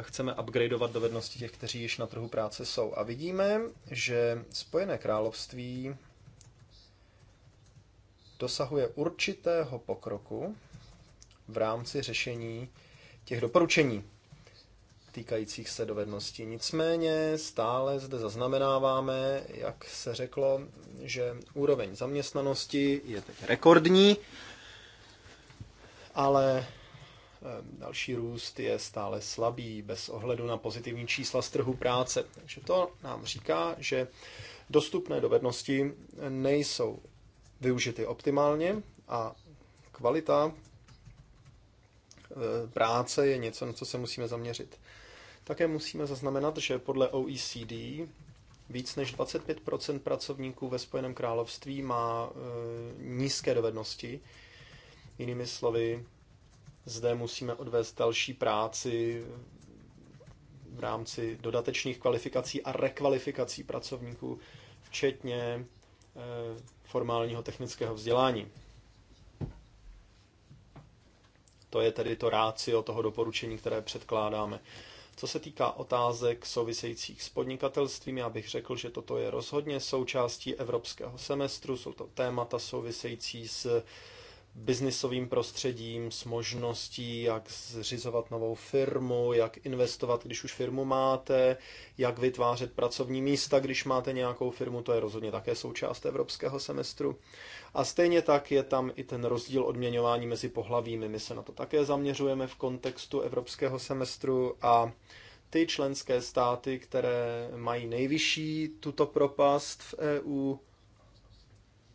chceme upgradeovat dovednosti těch, kteří již na trhu práce jsou. A vidíme, že Spojené království dosahuje určitého pokroku v rámci řešení těch doporučení týkajících se dovedností. Nicméně stále zde zaznamenáváme, jak se řeklo, že úroveň zaměstnanosti je teď rekordní, ale eh, další růst je stále slabý bez ohledu na pozitivní čísla z trhu práce. Takže to nám říká, že dostupné dovednosti nejsou využity optimálně a kvalita eh, práce je něco, na co se musíme zaměřit. Také musíme zaznamenat, že podle OECD víc než 25 pracovníků ve Spojeném království má e, nízké dovednosti. Jinými slovy, zde musíme odvést další práci v rámci dodatečných kvalifikací a rekvalifikací pracovníků, včetně e, formálního technického vzdělání. To je tedy to rácio toho doporučení, které předkládáme. Co se týká otázek souvisejících s podnikatelstvím, já bych řekl, že toto je rozhodně součástí evropského semestru, jsou to témata související s biznisovým prostředím, s možností, jak zřizovat novou firmu, jak investovat, když už firmu máte, jak vytvářet pracovní místa, když máte nějakou firmu, to je rozhodně také součást evropského semestru. A stejně tak je tam i ten rozdíl odměňování mezi pohlavími. My se na to také zaměřujeme v kontextu evropského semestru a ty členské státy, které mají nejvyšší tuto propast v EU,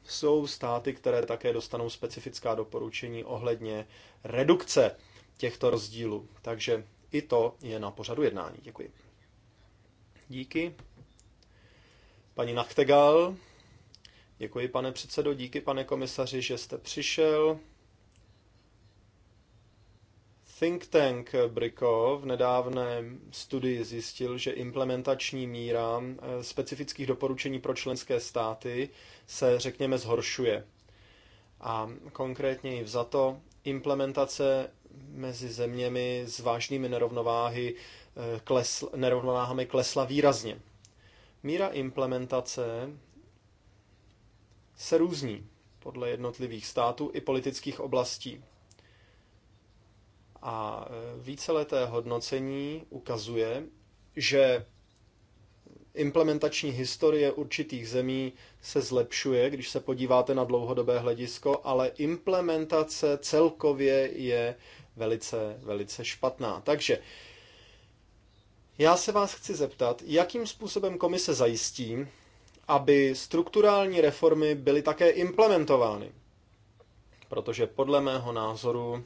jsou státy, které také dostanou specifická doporučení ohledně redukce těchto rozdílů. Takže i to je na pořadu jednání. Děkuji. Díky. Paní Nachtegal, děkuji pane předsedo, díky pane komisaři, že jste přišel. Think Tank Brico v nedávné studii zjistil, že implementační míra eh, specifických doporučení pro členské státy se, řekněme, zhoršuje. A konkrétně i vzato implementace mezi zeměmi s vážnými nerovnováhy eh, klesl, nerovnováhami klesla výrazně. Míra implementace se různí podle jednotlivých států i politických oblastí. A e, víceleté hodnocení ukazuje, že implementační historie určitých zemí se zlepšuje, když se podíváte na dlouhodobé hledisko, ale implementace celkově je velice, velice špatná. Takže já se vás chci zeptat, jakým způsobem komise zajistí, aby strukturální reformy byly také implementovány. Protože podle mého názoru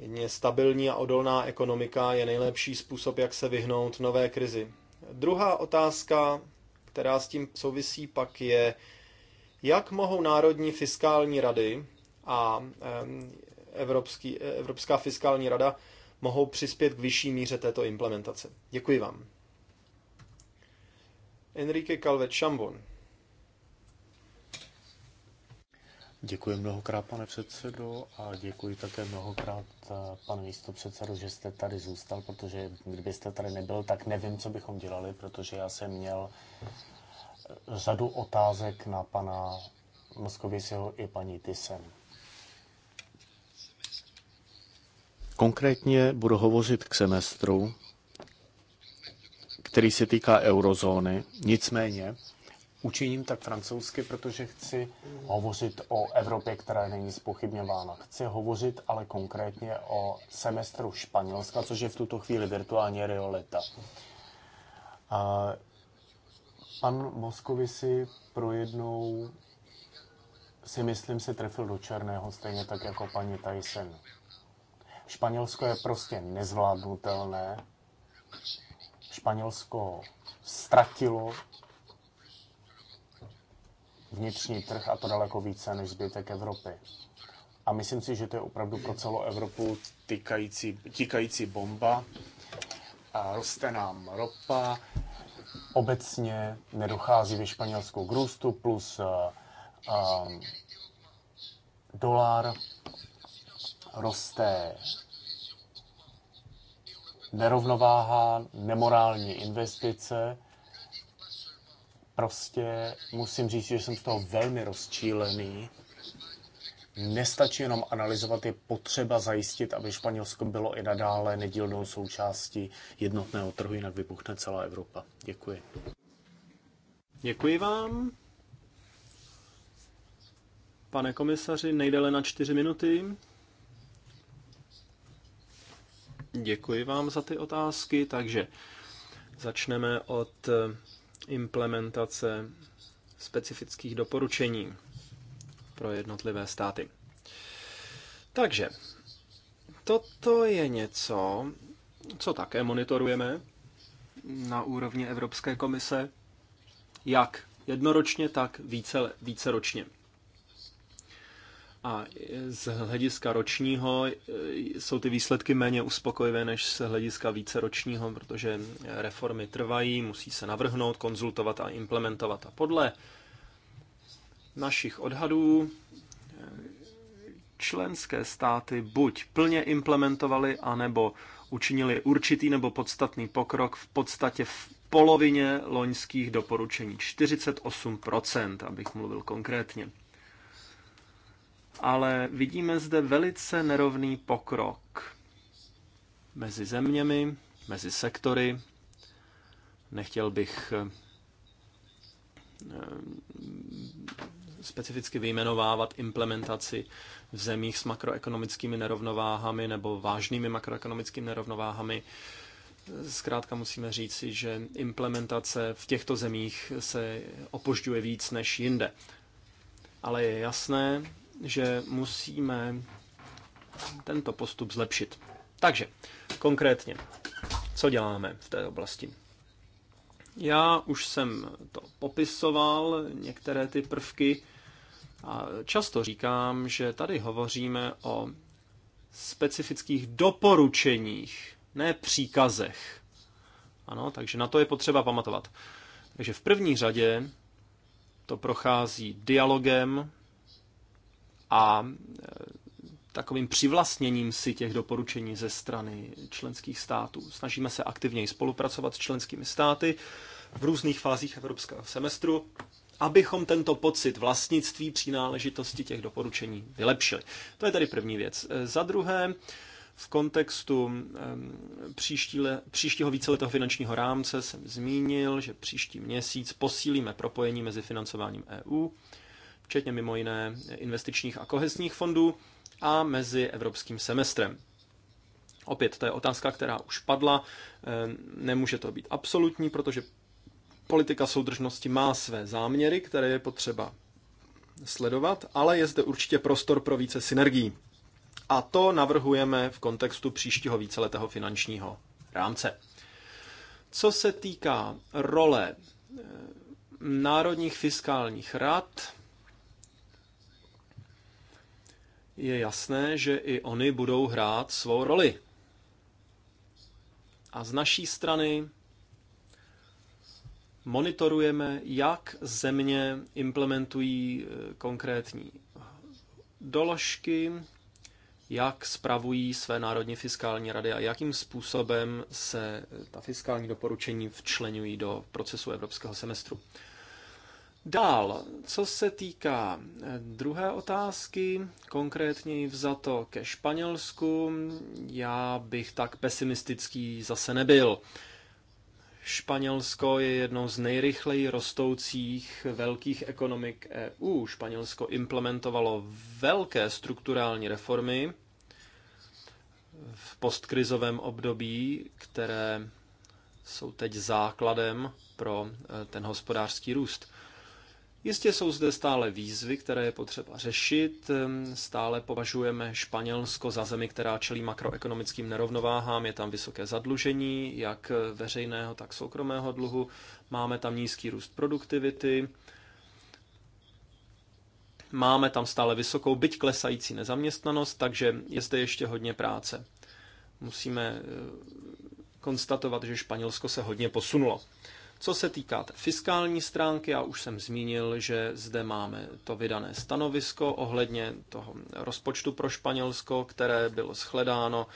Jedině stabilní a odolná ekonomika je nejlepší způsob, jak se vyhnout nové krizi. Druhá otázka, která s tím souvisí, pak je, jak mohou národní fiskální rady a Evropský, Evropská fiskální rada mohou přispět k vyšší míře této implementace. Děkuji vám. Enrique Calvet Chambon. Děkuji mnohokrát, pane předsedo, a děkuji také mnohokrát, eh, pane předsedo, že jste tady zůstal, protože kdybyste tady nebyl, tak nevím, co bychom dělali, protože já jsem měl eh, řadu otázek na pana Moskovisiho i paní Tysen. Konkrétně budu hovořit k semestru, který se týká eurozóny. Nicméně učiním tak francouzsky, protože chci hovořit o Evropě, která není spochybňována. Chci hovořit ale konkrétně o semestru Španělska, což je v tuto chvíli virtuálně realita. A pan Moskovi si pro jednou si myslím se trefil do černého, stejně tak jako paní Tyson. Španělsko je prostě nezvládnutelné. Španělsko ztratilo vnitřní trh a to daleko více než zbytek Evropy. A myslím si, že to je opravdu pro celou Evropu týkající, týkající bomba. A roste nám ropa, obecně nedochází ve Španělsku k růstu plus uh, uh, dolar, roste nerovnováha, nemorální investice, prostě musím říct, že jsem z toho velmi rozčílený. Nestačí jenom analyzovat, je potřeba zajistit, aby Španělsko bylo i nadále nedílnou součástí jednotného trhu, jinak vybuchne celá Evropa. Děkuji. Děkuji vám. Pane komisaři, Nejdele na čtyři minuty. Děkuji vám za ty otázky, takže začneme od implementace specifických doporučení pro jednotlivé státy. Takže toto je něco, co také monitorujeme na úrovni Evropské komise, jak jednoročně, tak více, víceročně. A z hlediska ročního eh, jsou ty výsledky méně uspokojivé než z hlediska víceročního, protože reformy trvají, musí se navrhnout, konzultovat a implementovat. A podle našich odhadů eh, členské státy buď plně implementovaly, anebo učinili určitý nebo podstatný pokrok v podstatě v polovině loňských doporučení, 48%, abych mluvil konkrétně ale vidíme zde velice nerovný pokrok mezi zeměmi, mezi sektory. Nechtěl bych eh, specificky vyjmenovávat implementaci v zemích s makroekonomickými nerovnováhami nebo vážnými makroekonomickými nerovnováhami. Zkrátka musíme říci, že implementace v těchto zemích se opožďuje víc než jinde. Ale je jasné, že musíme tento postup zlepšit. Takže konkrétně, co děláme v té oblasti? Já už jsem to popisoval, některé ty prvky, a často říkám, že tady hovoříme o specifických doporučeních, ne příkazech. Ano, takže na to je potřeba pamatovat. Takže v první řadě to prochází dialogem a e, takovým přivlastněním si těch doporučení ze strany členských států. Snažíme se aktivněji spolupracovat s členskými státy v různých fázích evropského semestru, abychom tento pocit vlastnictví přináležitosti těch doporučení vylepšili. To je tady první věc. E, za druhé, v kontextu e, příštíle, příštího víceletého finančního rámce jsem zmínil, že příští měsíc posílíme propojení mezi financováním EU včetně mimo jiné investičních a kohezních fondů a mezi evropským semestrem. Opět, to je otázka, která už padla. E, nemůže to být absolutní, protože politika soudržnosti má své záměry, které je potřeba sledovat, ale je zde určitě prostor pro více synergií. A to navrhujeme v kontextu příštího víceletého finančního rámce. Co se týká role e, národních fiskálních rad, je jasné, že i oni budou hrát svou roli. A z naší strany monitorujeme, jak země implementují eh, konkrétní doložky, jak spravují své národní fiskální rady a jakým způsobem se ta fiskální doporučení včlenují do procesu evropského semestru. Dál, co se týká eh, druhé otázky, za to ke Španělsku, já bych tak pesimistický zase nebyl. Španělsko je jednou z nejrychleji rostoucích velkých ekonomik EU. Španělsko implementovalo velké strukturální reformy v postkrizovém období, které jsou teď základem pro eh, ten hospodářský růst. Jistě jsou zde stále výzvy, které je potřeba řešit. Ehm, stále považujeme Španělsko za zemi, která čelí makroekonomickým nerovnováhám. Je tam vysoké zadlužení, jak veřejného, tak soukromého dluhu. Máme tam nízký růst produktivity. Máme tam stále vysokou, byť klesající nezaměstnanost, takže je zde ještě hodně práce. Musíme ehm, konstatovat, že Španělsko se hodně posunulo. Co se týká té fiskální stránky, já už jsem zmínil, že zde máme to vydané stanovisko ohledně toho rozpočtu pro Španělsko, které bylo shledáno e,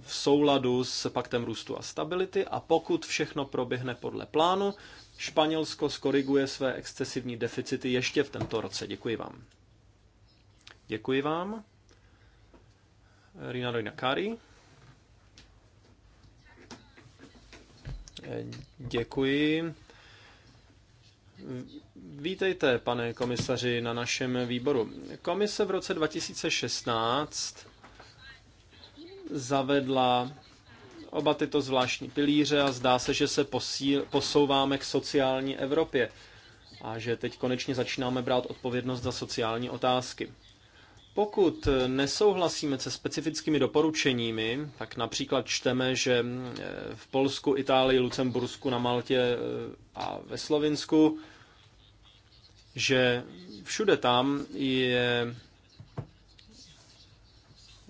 v souladu s paktem růstu a stability a pokud všechno proběhne podle plánu, Španělsko skoriguje své excesivní deficity ještě v tomto roce. Děkuji vám. Děkuji vám. Rina Kari. Děkuji. Vítejte, pane komisaři, na našem výboru. Komise v roce 2016 zavedla oba tyto zvláštní pilíře a zdá se, že se posíl, posouváme k sociální Evropě a že teď konečně začínáme brát odpovědnost za sociální otázky. Pokud nesouhlasíme se specifickými doporučeními, tak například čteme, že eh, v Polsku, Itálii, Lucembursku, na Maltě eh, a ve Slovinsku, že všude tam je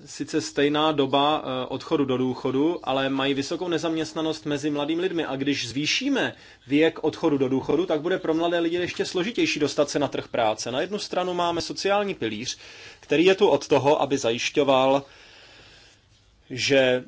sice stejná doba eh, odchodu do důchodu, ale mají vysokou nezaměstnanost mezi mladými lidmi. A když zvýšíme věk odchodu do důchodu, tak bude pro mladé lidi ještě složitější dostat se na trh práce. Na jednu stranu máme sociální pilíř, který je tu od toho, aby zajišťoval, že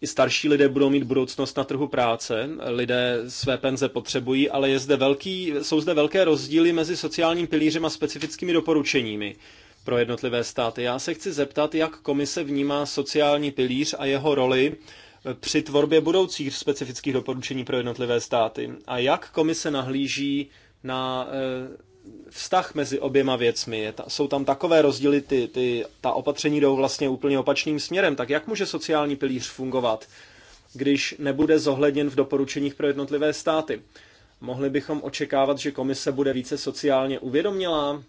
i starší lidé budou mít budoucnost na trhu práce, lidé své penze potřebují, ale je zde velký, jsou zde velké rozdíly mezi sociálním pilířem a specifickými doporučeními pro jednotlivé státy. Já se chci zeptat, jak komise vnímá sociální pilíř a jeho roli eh, při tvorbě budoucích specifických doporučení pro jednotlivé státy a jak komise nahlíží na eh, vztah mezi oběma věcmi. jsou tam takové rozdíly, ty, ty, ta opatření jdou vlastně úplně opačným směrem. Tak jak může sociální pilíř fungovat, když nebude zohledněn v doporučeních pro jednotlivé státy? Mohli bychom očekávat, že komise bude více sociálně uvědomělá?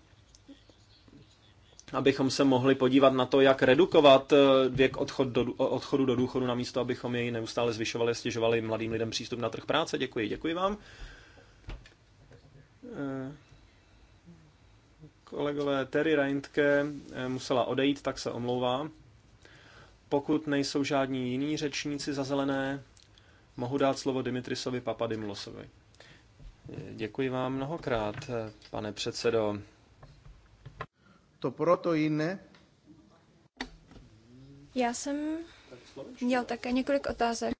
abychom se mohli podívat na to, jak redukovat eh, věk odchod do, odchodu do důchodu na místo, abychom jej neustále zvyšovali a stěžovali mladým lidem přístup na trh práce. Děkuji, děkuji vám. Eh, kolegové, Terry Reintke eh, musela odejít, tak se omlouvá. Pokud nejsou žádní jiní řečníci za zelené, mohu dát slovo Dimitrisovi Papadimlosovi. Děkuji vám mnohokrát, pane předsedo. To proto jiné. Já jsem měl také několik otázek.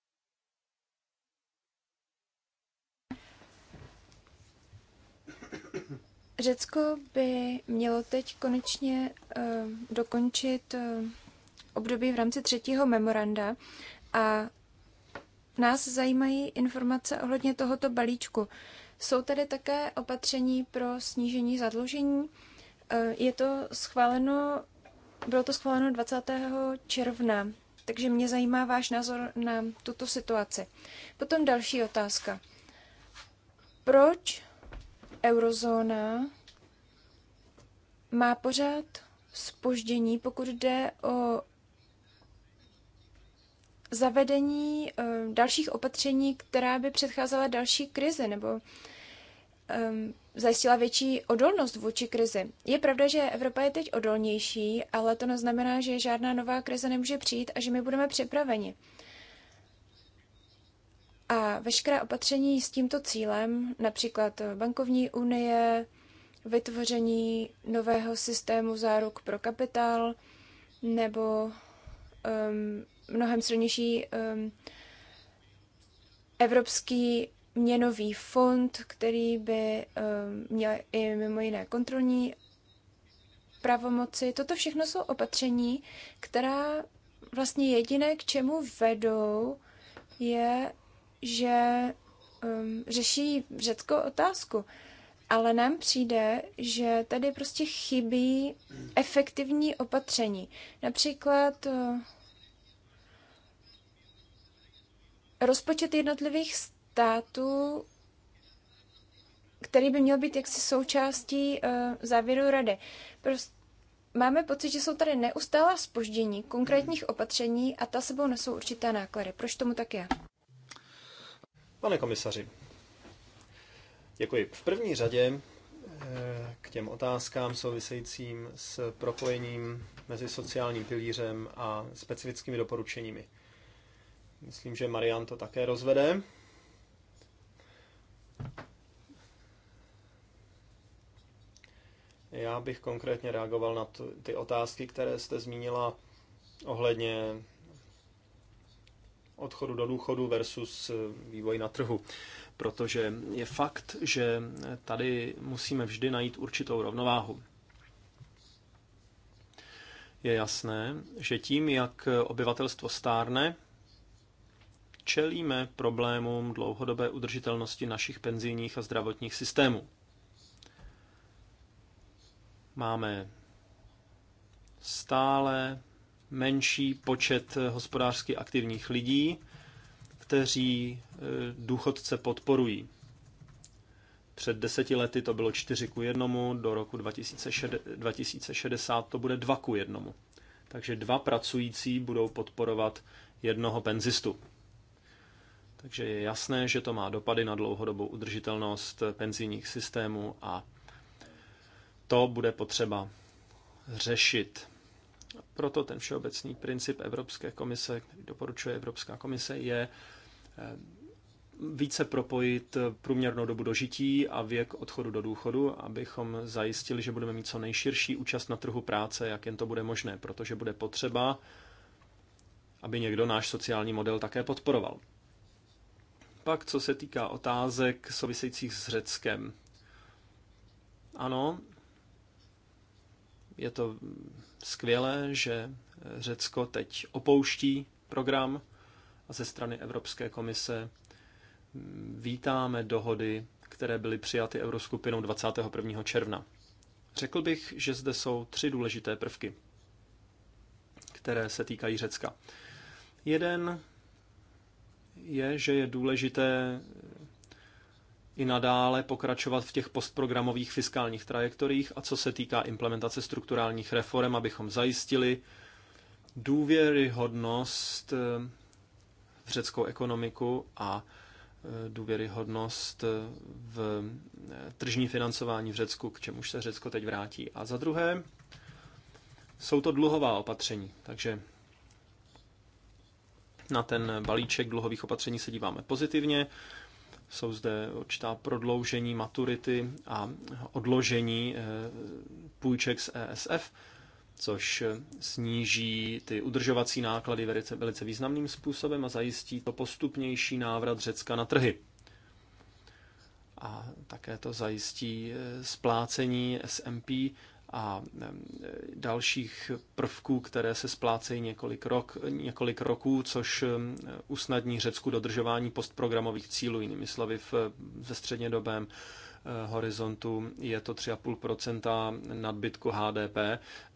Řecko by mělo teď konečně uh, dokončit uh, období v rámci třetího memoranda a nás zajímají informace ohledně tohoto balíčku. Jsou tady také opatření pro snížení zadlužení? Uh, Eh, je to schváleno, bylo to schváleno 20. června, takže mě zajímá váš názor na tuto situaci. Potom další otázka. Proč eurozóna má pořád spoždění, pokud jde o zavedení eh, dalších opatření, která by předcházela další krizi nebo um, zajistila větší odolnost vůči krizi. Je pravda, že Evropa je teď odolnější, ale to neznamená, že žádná nová krize nemůže přijít a že my budeme připraveni. A veškerá opatření s tímto cílem, například bankovní unie, vytvoření nového systému záruk pro kapitál nebo um, mnohem silnější um, evropský měnový fond, který by ehm, měl i mimo jiné kontrolní pravomoci. Toto všechno jsou opatření, která vlastně jediné, k čemu vedou, je, že um, řeší řeckou otázku. Ale nám přijde, že tady prostě chybí efektivní opatření. Například eh, rozpočet jednotlivých tátu, který by měl být jaksi součástí uh, závěru rady. Prost, máme pocit, že jsou tady neustále spoždění konkrétních mhm. opatření a ta sebou nesou určité náklady. Proč tomu tak je? Pane komisaři, děkuji. V první řadě eh, k těm otázkám souvisejícím s propojením mezi sociálním pilířem a specifickými doporučeními. Myslím, že Marian to také rozvede. Já bych konkrétně reagoval na ty otázky, které jste zmínila ohledně odchodu do důchodu versus eh, vývoj na trhu. Protože je fakt, že tady musíme vždy najít určitou rovnováhu. Je jasné, že tím, jak obyvatelstvo stárne, čelíme problémům dlouhodobé udržitelnosti našich penzijních a zdravotních systémů. Máme stále menší počet hospodářsky aktivních lidí, kteří e, důchodce podporují. Před deseti lety to bylo 4 ku 1, do roku 2060 to bude 2 ku 1. Takže dva pracující budou podporovat jednoho penzistu. Takže je jasné, že to má dopady na dlouhodobou udržitelnost penzijních systémů a to bude potřeba řešit. Proto ten všeobecný princip Evropské komise, který doporučuje Evropská komise, je eh, více propojit průměrnou dobu dožití a věk odchodu do důchodu, abychom zajistili, že budeme mít co nejširší účast na trhu práce, jak jen to bude možné, protože bude potřeba, aby někdo náš sociální model také podporoval. Pak, co se týká otázek souvisejících s Řeckem. Ano, je to skvělé, že Řecko teď opouští program a ze strany Evropské komise vítáme dohody, které byly přijaty Euroskupinou 21. června. Řekl bych, že zde jsou tři důležité prvky, které se týkají Řecka. Jeden je, že je důležité i nadále pokračovat v těch postprogramových fiskálních trajektoriích a co se týká implementace strukturálních reform, abychom zajistili důvěryhodnost eh, v řeckou ekonomiku a eh, důvěryhodnost eh, v tržní financování v Řecku, k čemuž se Řecko teď vrátí. A za druhé, jsou to dluhová opatření, takže na ten balíček dluhových opatření se díváme pozitivně. Jsou zde určitá prodloužení maturity a odložení eh, půjček z ESF, což eh, sníží ty udržovací náklady velice, velice významným způsobem a zajistí to postupnější návrat Řecka na trhy. A také to zajistí eh, splácení SMP a dalších prvků, které se splácejí několik, rok, několik roků, což usnadní Řecku dodržování postprogramových cílů. Jinými slovy, v, ve střednědobém eh, horizontu je to 3,5 nadbytku HDP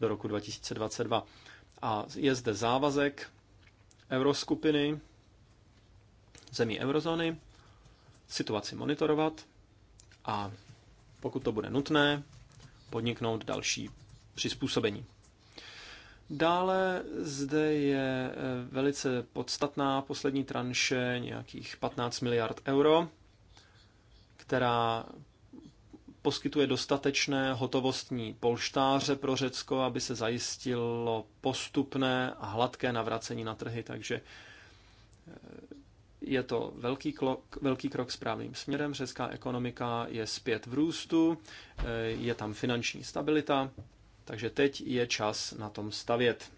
do roku 2022. A je zde závazek euroskupiny, zemí eurozóny, situaci monitorovat a pokud to bude nutné, podniknout další přizpůsobení. Dále zde je eh, velice podstatná poslední tranše nějakých 15 miliard euro, která poskytuje dostatečné hotovostní polštáře pro Řecko, aby se zajistilo postupné a hladké navracení na trhy, takže eh, je to velký, klok, velký krok správným směrem. Řecká ekonomika je zpět v růstu, eh, je tam finanční stabilita, takže teď je čas na tom stavět.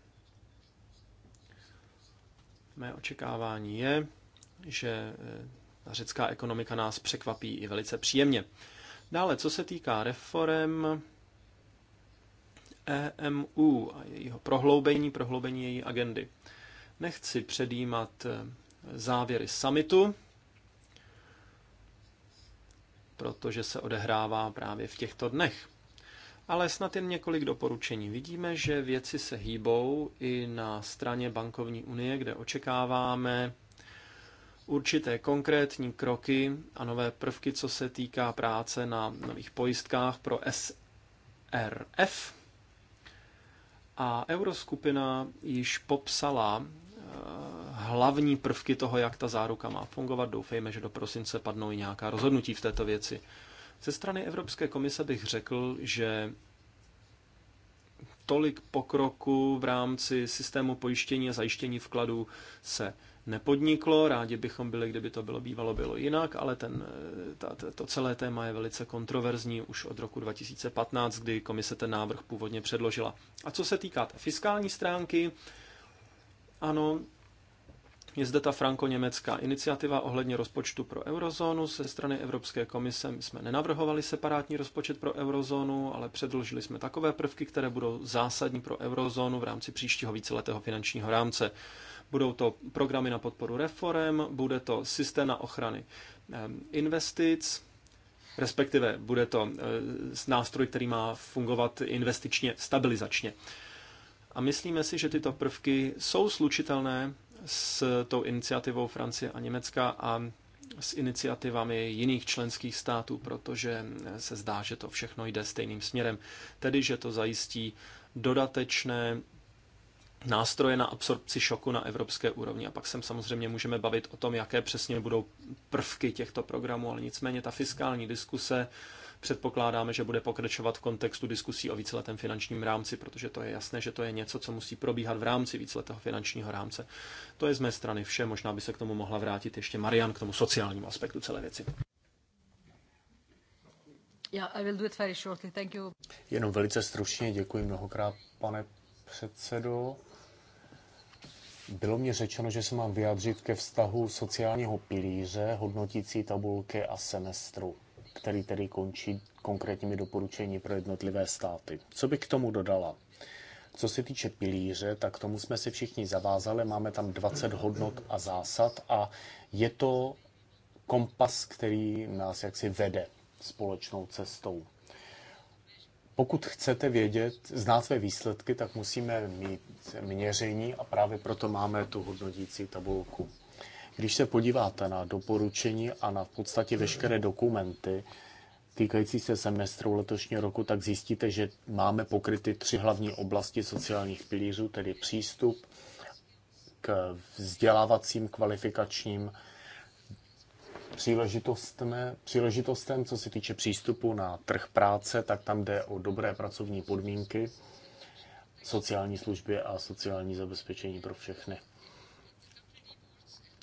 Mé očekávání je, že eh, řecká ekonomika nás překvapí i velice příjemně. Dále, co se týká reform EMU a jejího prohloubení, prohloubení její agendy. Nechci předjímat eh, závěry summitu, protože se odehrává právě v těchto dnech. Ale snad jen několik doporučení. Vidíme, že věci se hýbou i na straně bankovní unie, kde očekáváme určité konkrétní kroky a nové prvky, co se týká práce na nových pojistkách pro SRF. A euroskupina již popsala hlavní prvky toho, jak ta záruka má fungovat. Doufejme, že do prosince padnou i nějaká rozhodnutí v této věci. Ze strany Evropské komise bych řekl, že tolik pokroku v rámci systému pojištění a zajištění vkladů se nepodniklo. Rádi bychom byli, kdyby to bylo bývalo bylo jinak, ale ten, ta, to celé téma je velice kontroverzní už od roku 2015, kdy komise ten návrh původně předložila. A co se týká té fiskální stránky, ano, je zde ta franko-německá iniciativa ohledně rozpočtu pro eurozónu. Ze strany Evropské komise my jsme nenavrhovali separátní rozpočet pro eurozónu, ale předložili jsme takové prvky, které budou zásadní pro eurozónu v rámci příštího víceletého finančního rámce. Budou to programy na podporu reform, bude to systém na ochrany investic, respektive bude to e, nástroj, který má fungovat investičně stabilizačně. A myslíme si, že tyto prvky jsou slučitelné s tou iniciativou Francie a Německa a s iniciativami jiných členských států, protože se zdá, že to všechno jde stejným směrem, tedy že to zajistí dodatečné nástroje na absorpci šoku na evropské úrovni. A pak se samozřejmě můžeme bavit o tom, jaké přesně budou prvky těchto programů, ale nicméně ta fiskální diskuse Předpokládáme, že bude pokračovat v kontextu diskusí o víceletém finančním rámci, protože to je jasné, že to je něco, co musí probíhat v rámci víceletého finančního rámce. To je z mé strany vše, možná by se k tomu mohla vrátit ještě Marian, k tomu sociálnímu aspektu celé věci. Yeah, I will do it very shortly. Thank you. Jenom velice stručně děkuji mnohokrát, pane předsedo. Bylo mě řečeno, že se mám vyjádřit ke vztahu sociálního pilíře, hodnotící tabulky a semestru který tedy končí konkrétními doporučení pro jednotlivé státy. Co by k tomu dodala? Co se týče pilíře, tak tomu jsme se všichni zavázali. Máme tam 20 hodnot a zásad a je to kompas, který nás jaksi vede společnou cestou. Pokud chcete vědět, znát své výsledky, tak musíme mít měření a právě proto máme tu hodnotící tabulku. Když se podíváte na doporučení a na v podstatě veškeré dokumenty týkající se semestru letošního roku, tak zjistíte, že máme pokryty tři hlavní oblasti sociálních pilířů, tedy přístup k vzdělávacím kvalifikačním příležitostem, příležitostem, co se týče přístupu na trh práce, tak tam jde o dobré pracovní podmínky, sociální služby a sociální zabezpečení pro všechny.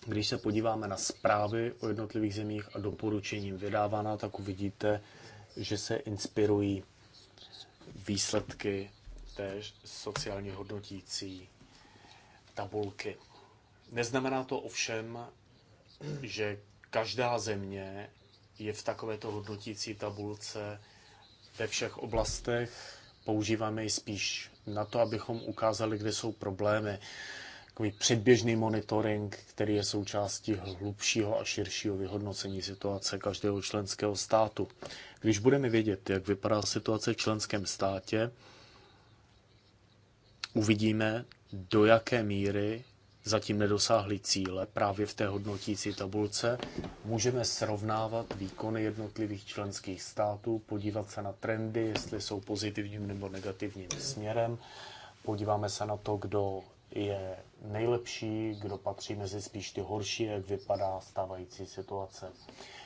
Když se podíváme na zprávy o jednotlivých zemích a doporučením vydávána, tak uvidíte, že se inspirují výsledky té sociálně hodnotící tabulky. Neznamená to ovšem, že každá země je v takovéto hodnotící tabulce ve všech oblastech. Používáme ji spíš na to, abychom ukázali, kde jsou problémy takový předběžný monitoring, který je součástí hlubšího a širšího vyhodnocení situace každého členského státu. Když budeme vědět, jak vypadá situace v členském státě, uvidíme, do jaké míry zatím nedosáhli cíle právě v té hodnotící tabulce. Můžeme srovnávat výkony jednotlivých členských států, podívat se na trendy, jestli jsou pozitivním nebo negativním směrem. Podíváme se na to, kdo je nejlepší, kdo patří mezi spíš ty horší, jak vypadá stávající situace.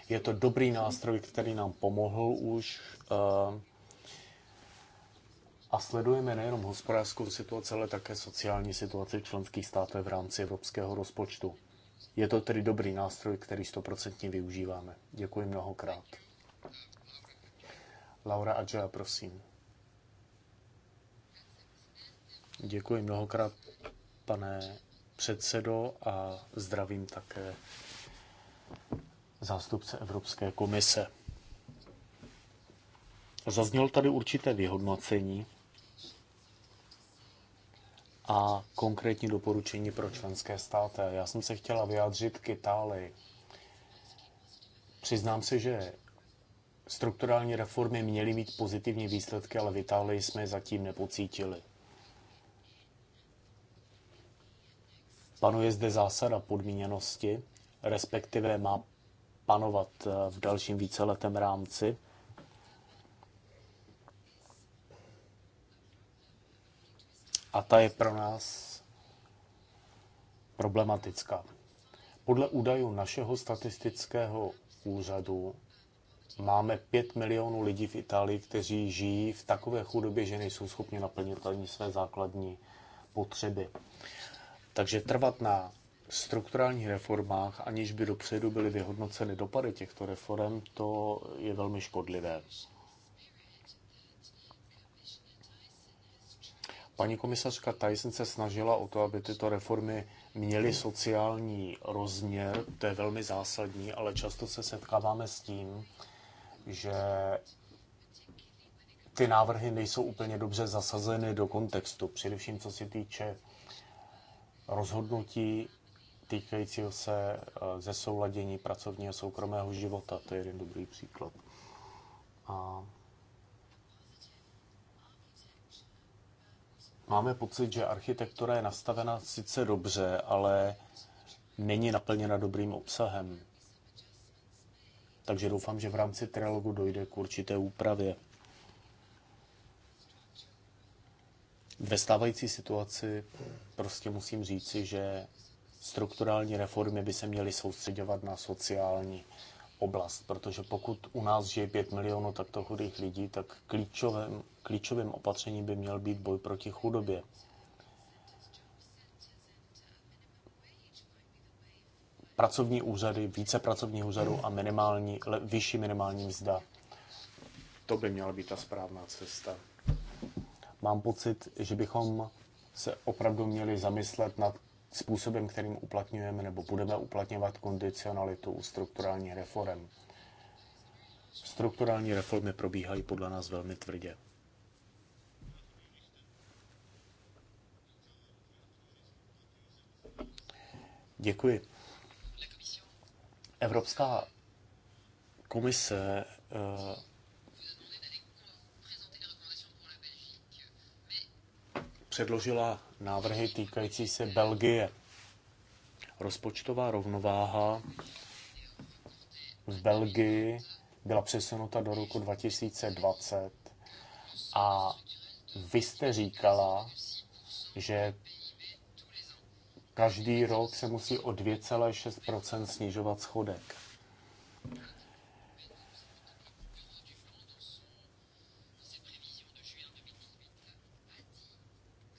Je to dobrý nástroj, který nám pomohl už ehm, a sledujeme nejenom hospodářskou situaci, ale také sociální situaci členských států v rámci evropského rozpočtu. Je to tedy dobrý nástroj, který stoprocentně využíváme. Děkuji mnohokrát. Laura Adžela, prosím. Děkuji mnohokrát, pane předsedo, a zdravím také zástupce Evropské komise. Zaznělo tady určité vyhodnocení a konkrétní doporučení pro členské státy. Já jsem se chtěla vyjádřit k Itálii. Přiznám se, že strukturální reformy měly mít pozitivní výsledky, ale v Itálii jsme je zatím nepocítili. Panuje zde zásada podmíněnosti, respektive má panovat eh, v dalším víceletém rámci. A ta je pro nás problematická. Podle údajů našeho statistického úřadu máme 5 milionů lidí v Itálii, kteří žijí v takové chudobě, že nejsou schopni naplnit ani své základní potřeby. Takže trvat na strukturálních reformách, aniž by dopředu byly vyhodnoceny dopady těchto reform, to je velmi škodlivé. Paní komisařka Tyson se snažila o to, aby tyto reformy měly sociální rozměr, to je velmi zásadní, ale často se setkáváme s tím, že ty návrhy nejsou úplně dobře zasazeny do kontextu, především co se týče rozhodnutí týkajícího se eh, souladění pracovního soukromého života. To je jeden dobrý příklad. A máme pocit, že architektura je nastavena sice dobře, ale není naplněna dobrým obsahem. Takže doufám, že v rámci trialogu dojde k určité úpravě. Ve stávající situaci prostě musím říci, že strukturální reformy by se měly soustředovat na sociální oblast, protože pokud u nás žije 5 milionů takto chudých lidí, tak klíčovým, klíčovým opatřením by měl být boj proti chudobě. Pracovní úřady, více pracovních úřadů a minimální, vyšší minimální mzda. To by měla být ta správná cesta mám pocit, že bychom se opravdu měli zamyslet nad způsobem, kterým uplatňujeme nebo budeme uplatňovat kondicionalitu u strukturálních reform. Strukturální reformy probíhají podle nás velmi tvrdě. Děkuji. Evropská komise eh, předložila návrhy týkající se Belgie. Rozpočtová rovnováha v Belgii byla přesunuta do roku 2020 a vy jste říkala, že každý rok se musí o 2,6 snižovat schodek.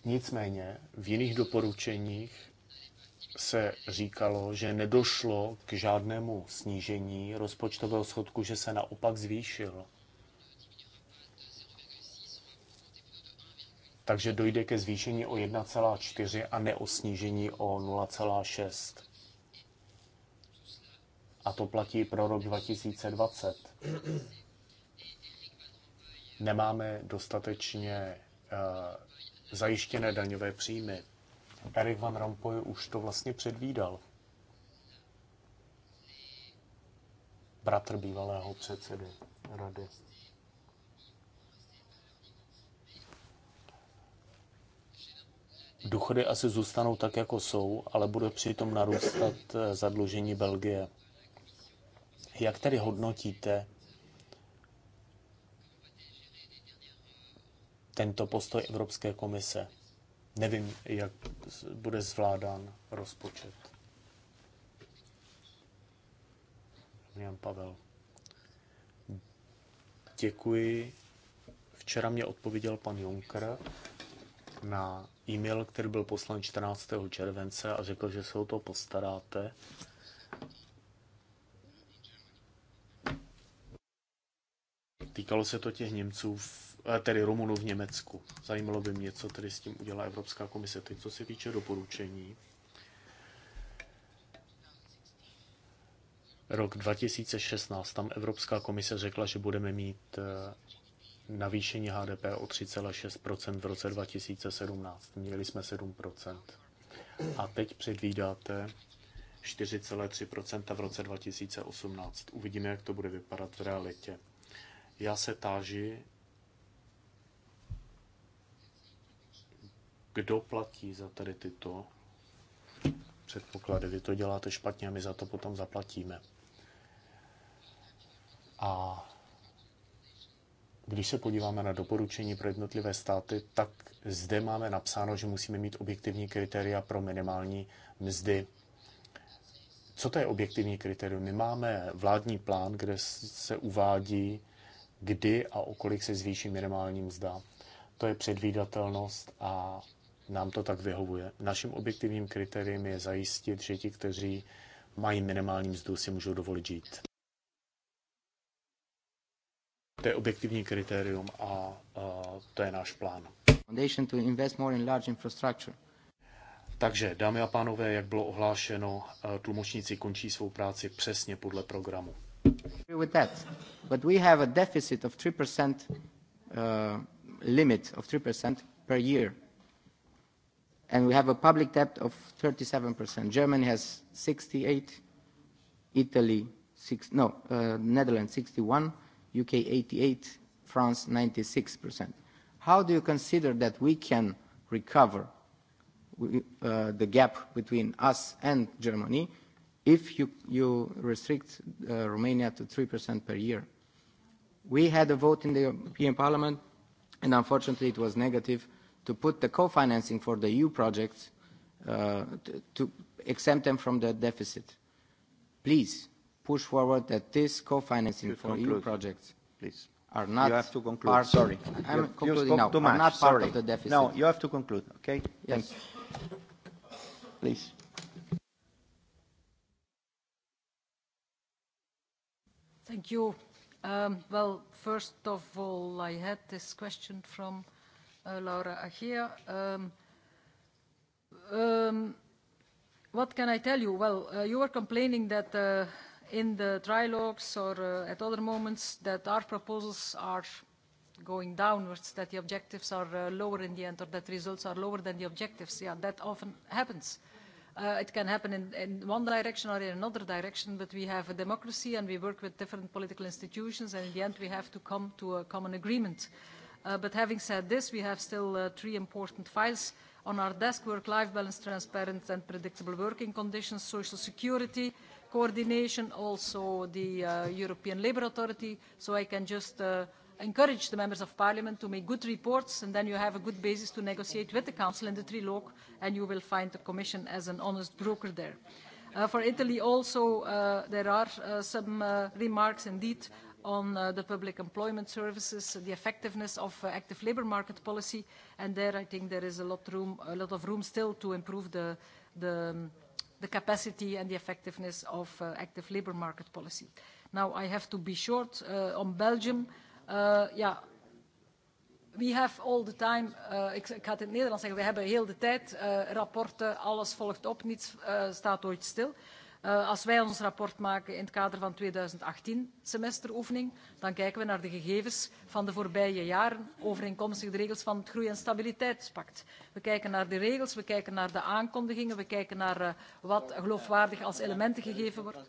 Nicméně v jiných doporučeních se říkalo, že nedošlo k žádnému snížení rozpočtového schodku, že se naopak zvýšil. Takže dojde ke zvýšení o 1,4 a ne o snížení o 0,6. A to platí pro rok 2020. Nemáme dostatečně eh, zajištěné daňové příjmy. Erik Van Rompuy už to vlastně předvídal. Bratr bývalého předsedy rady. Důchody asi zůstanou tak, jako jsou, ale bude přitom narůstat eh, zadlužení Belgie. Jak tedy hodnotíte tento postoj Evropské komise. Nevím, jak bude zvládán rozpočet. Jan Pavel. Děkuji. Včera mě odpověděl pan Juncker na e-mail, který byl poslán 14. července a řekl, že se o to postaráte. Týkalo se to těch Němců v Eh, tedy Rumunů v Německu. Zajímalo by mě, co tedy s tím udělá Evropská komise. Teď, co se týče doporučení, rok 2016, tam Evropská komise řekla, že budeme mít eh, navýšení HDP o 3,6% v roce 2017. Měli jsme 7%. A teď předvídáte 4,3% v roce 2018. Uvidíme, jak to bude vypadat v realitě. Já se táži, kdo platí za tady tyto předpoklady. Vy to děláte špatně a my za to potom zaplatíme. A když se podíváme na doporučení pro jednotlivé státy, tak zde máme napsáno, že musíme mít objektivní kritéria pro minimální mzdy. Co to je objektivní kritérium? My máme vládní plán, kde se uvádí, kdy a o kolik se zvýší minimální mzda. To je předvídatelnost a nám to tak vyhovuje. Naším objektivním kritériem je zajistit, že ti, kteří mají minimální mzdu, si můžou dovolit žít. To je objektivní kritérium a, a to je náš plán. To invest more in large infrastructure. Takže, dámy a pánové, jak bylo ohlášeno, eh, tlumočníci končí svou práci přesně podle programu. Eh, limit 3% per year and we have a public debt of 37%. Germany has 68, Italy six, no, uh, Netherlands 61, UK 88, France 96%. How do you consider that we can recover uh, the gap between us and Germany if you, you restrict uh, Romania to 3% per year? We had a vote in the European Parliament, and unfortunately it was negative to put the co-financing for the EU projects uh, to, exempt them from the deficit. Please push forward that this co-financing for e conclude, EU projects please. are not you have to conclude. part. Sorry, I'm you, concluding you now. Too Are not Sorry. part of the deficit. No, you have to conclude. Okay. Yes. Thanks. Please. Thank you. Um, well, first of all, I had this question from Eh, Laura Achia. Um, ehm, um, ehm, what can I tell you? Well, uh, you were complaining that uh, in the trilogues or uh, at other moments that our proposals are going downwards, that the objectives are uh, lower in the end or that results are lower than the objectives. Yeah, that often happens. Uh, it can happen in, in one direction or in another direction, but we have a democracy and we work with different political institutions and in the end we have to come to a common agreement. Uh, Uh, but having said this, we have still uh, three important files on our desk, work-life balance, transparent and predictable working conditions, social security, coordination, also the uh, European Labour Authority. So I can just uh, encourage the members of parliament to make good reports and then you have a good basis to negotiate with the council in the trilogue and you will find the commission as an honest broker there. Uh, for Italy also uh, there are uh, some uh, remarks indeed on uh, the public employment services, the effectiveness of uh, active labour market policy. And there, I think there is a lot, room, a lot of room still to improve the, the, um, the capacity and the effectiveness of uh, active labour market policy. Now, I have to be short uh, on Belgium. Uh, yeah, we have all the time, uh, ik, ik ga het in het Nederlands zeggen, we hebben heel de tijd uh, rapporten, alles volgt op, niets uh, staat ooit stil. Uh, Eh, als wij ons rapport maken in het kader van de tweeduizendachttien semesteroefening, dan kijken we naar de gegevens van de voorbije jaren overeenkomstig de regels van het Groei- en Stabiliteitspact. We kijken naar de regels, we kijken naar de aankondigingen, we kijken naar eh, wat geloofwaardig als elementen gegeven wordt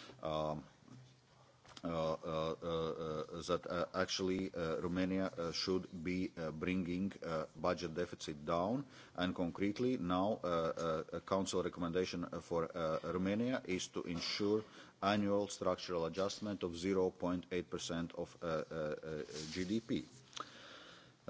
um, Uh, uh, uh, that uh, actually uh, Romania should be bringing budget deficit down. And concretely, now a council recommendation for Romania is to ensure annual structural adjustment of 0.8% of GDP.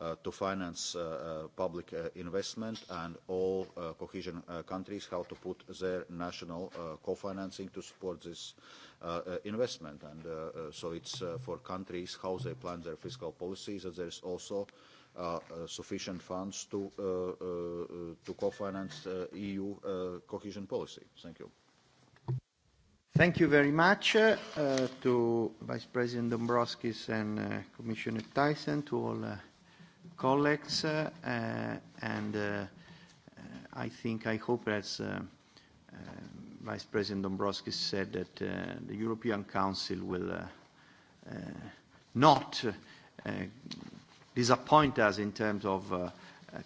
Uh, to finance uh, uh, public investment and all cohesion countries how to put their national co-financing to support this investment. And so it's for countries how they plan their fiscal policies there there's also Uh, uh, sufficient funds to, uh, to co-finance EU cohesion policy. Thank you. Thank you very much to Vice President Dombrovskis and Commissioner Thyssen, to all colleagues, uh, uh, and uh, I think, I hope, as Vice President Dombrovskis said, that the European Council will not disappoint us in terms of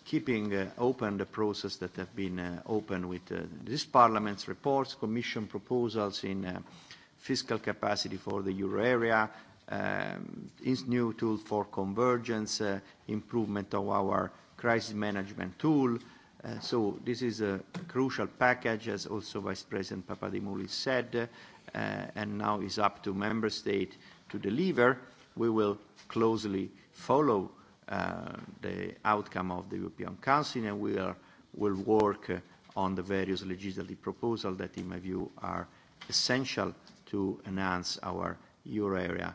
keeping open the process that have been open with this Parliament's reports, Commission proposals in fiscal capacity for the euro area, Um, is new tool for convergence, uh, improvement of our crisis management tool. Uh, this is a crucial package, as also Vice President Papadimoulis said, uh, and now it's up to member state to deliver. We will closely follow the outcome of the European Council, and we are, will work on the various legislative proposal that, in my view, are essential to enhance our euro area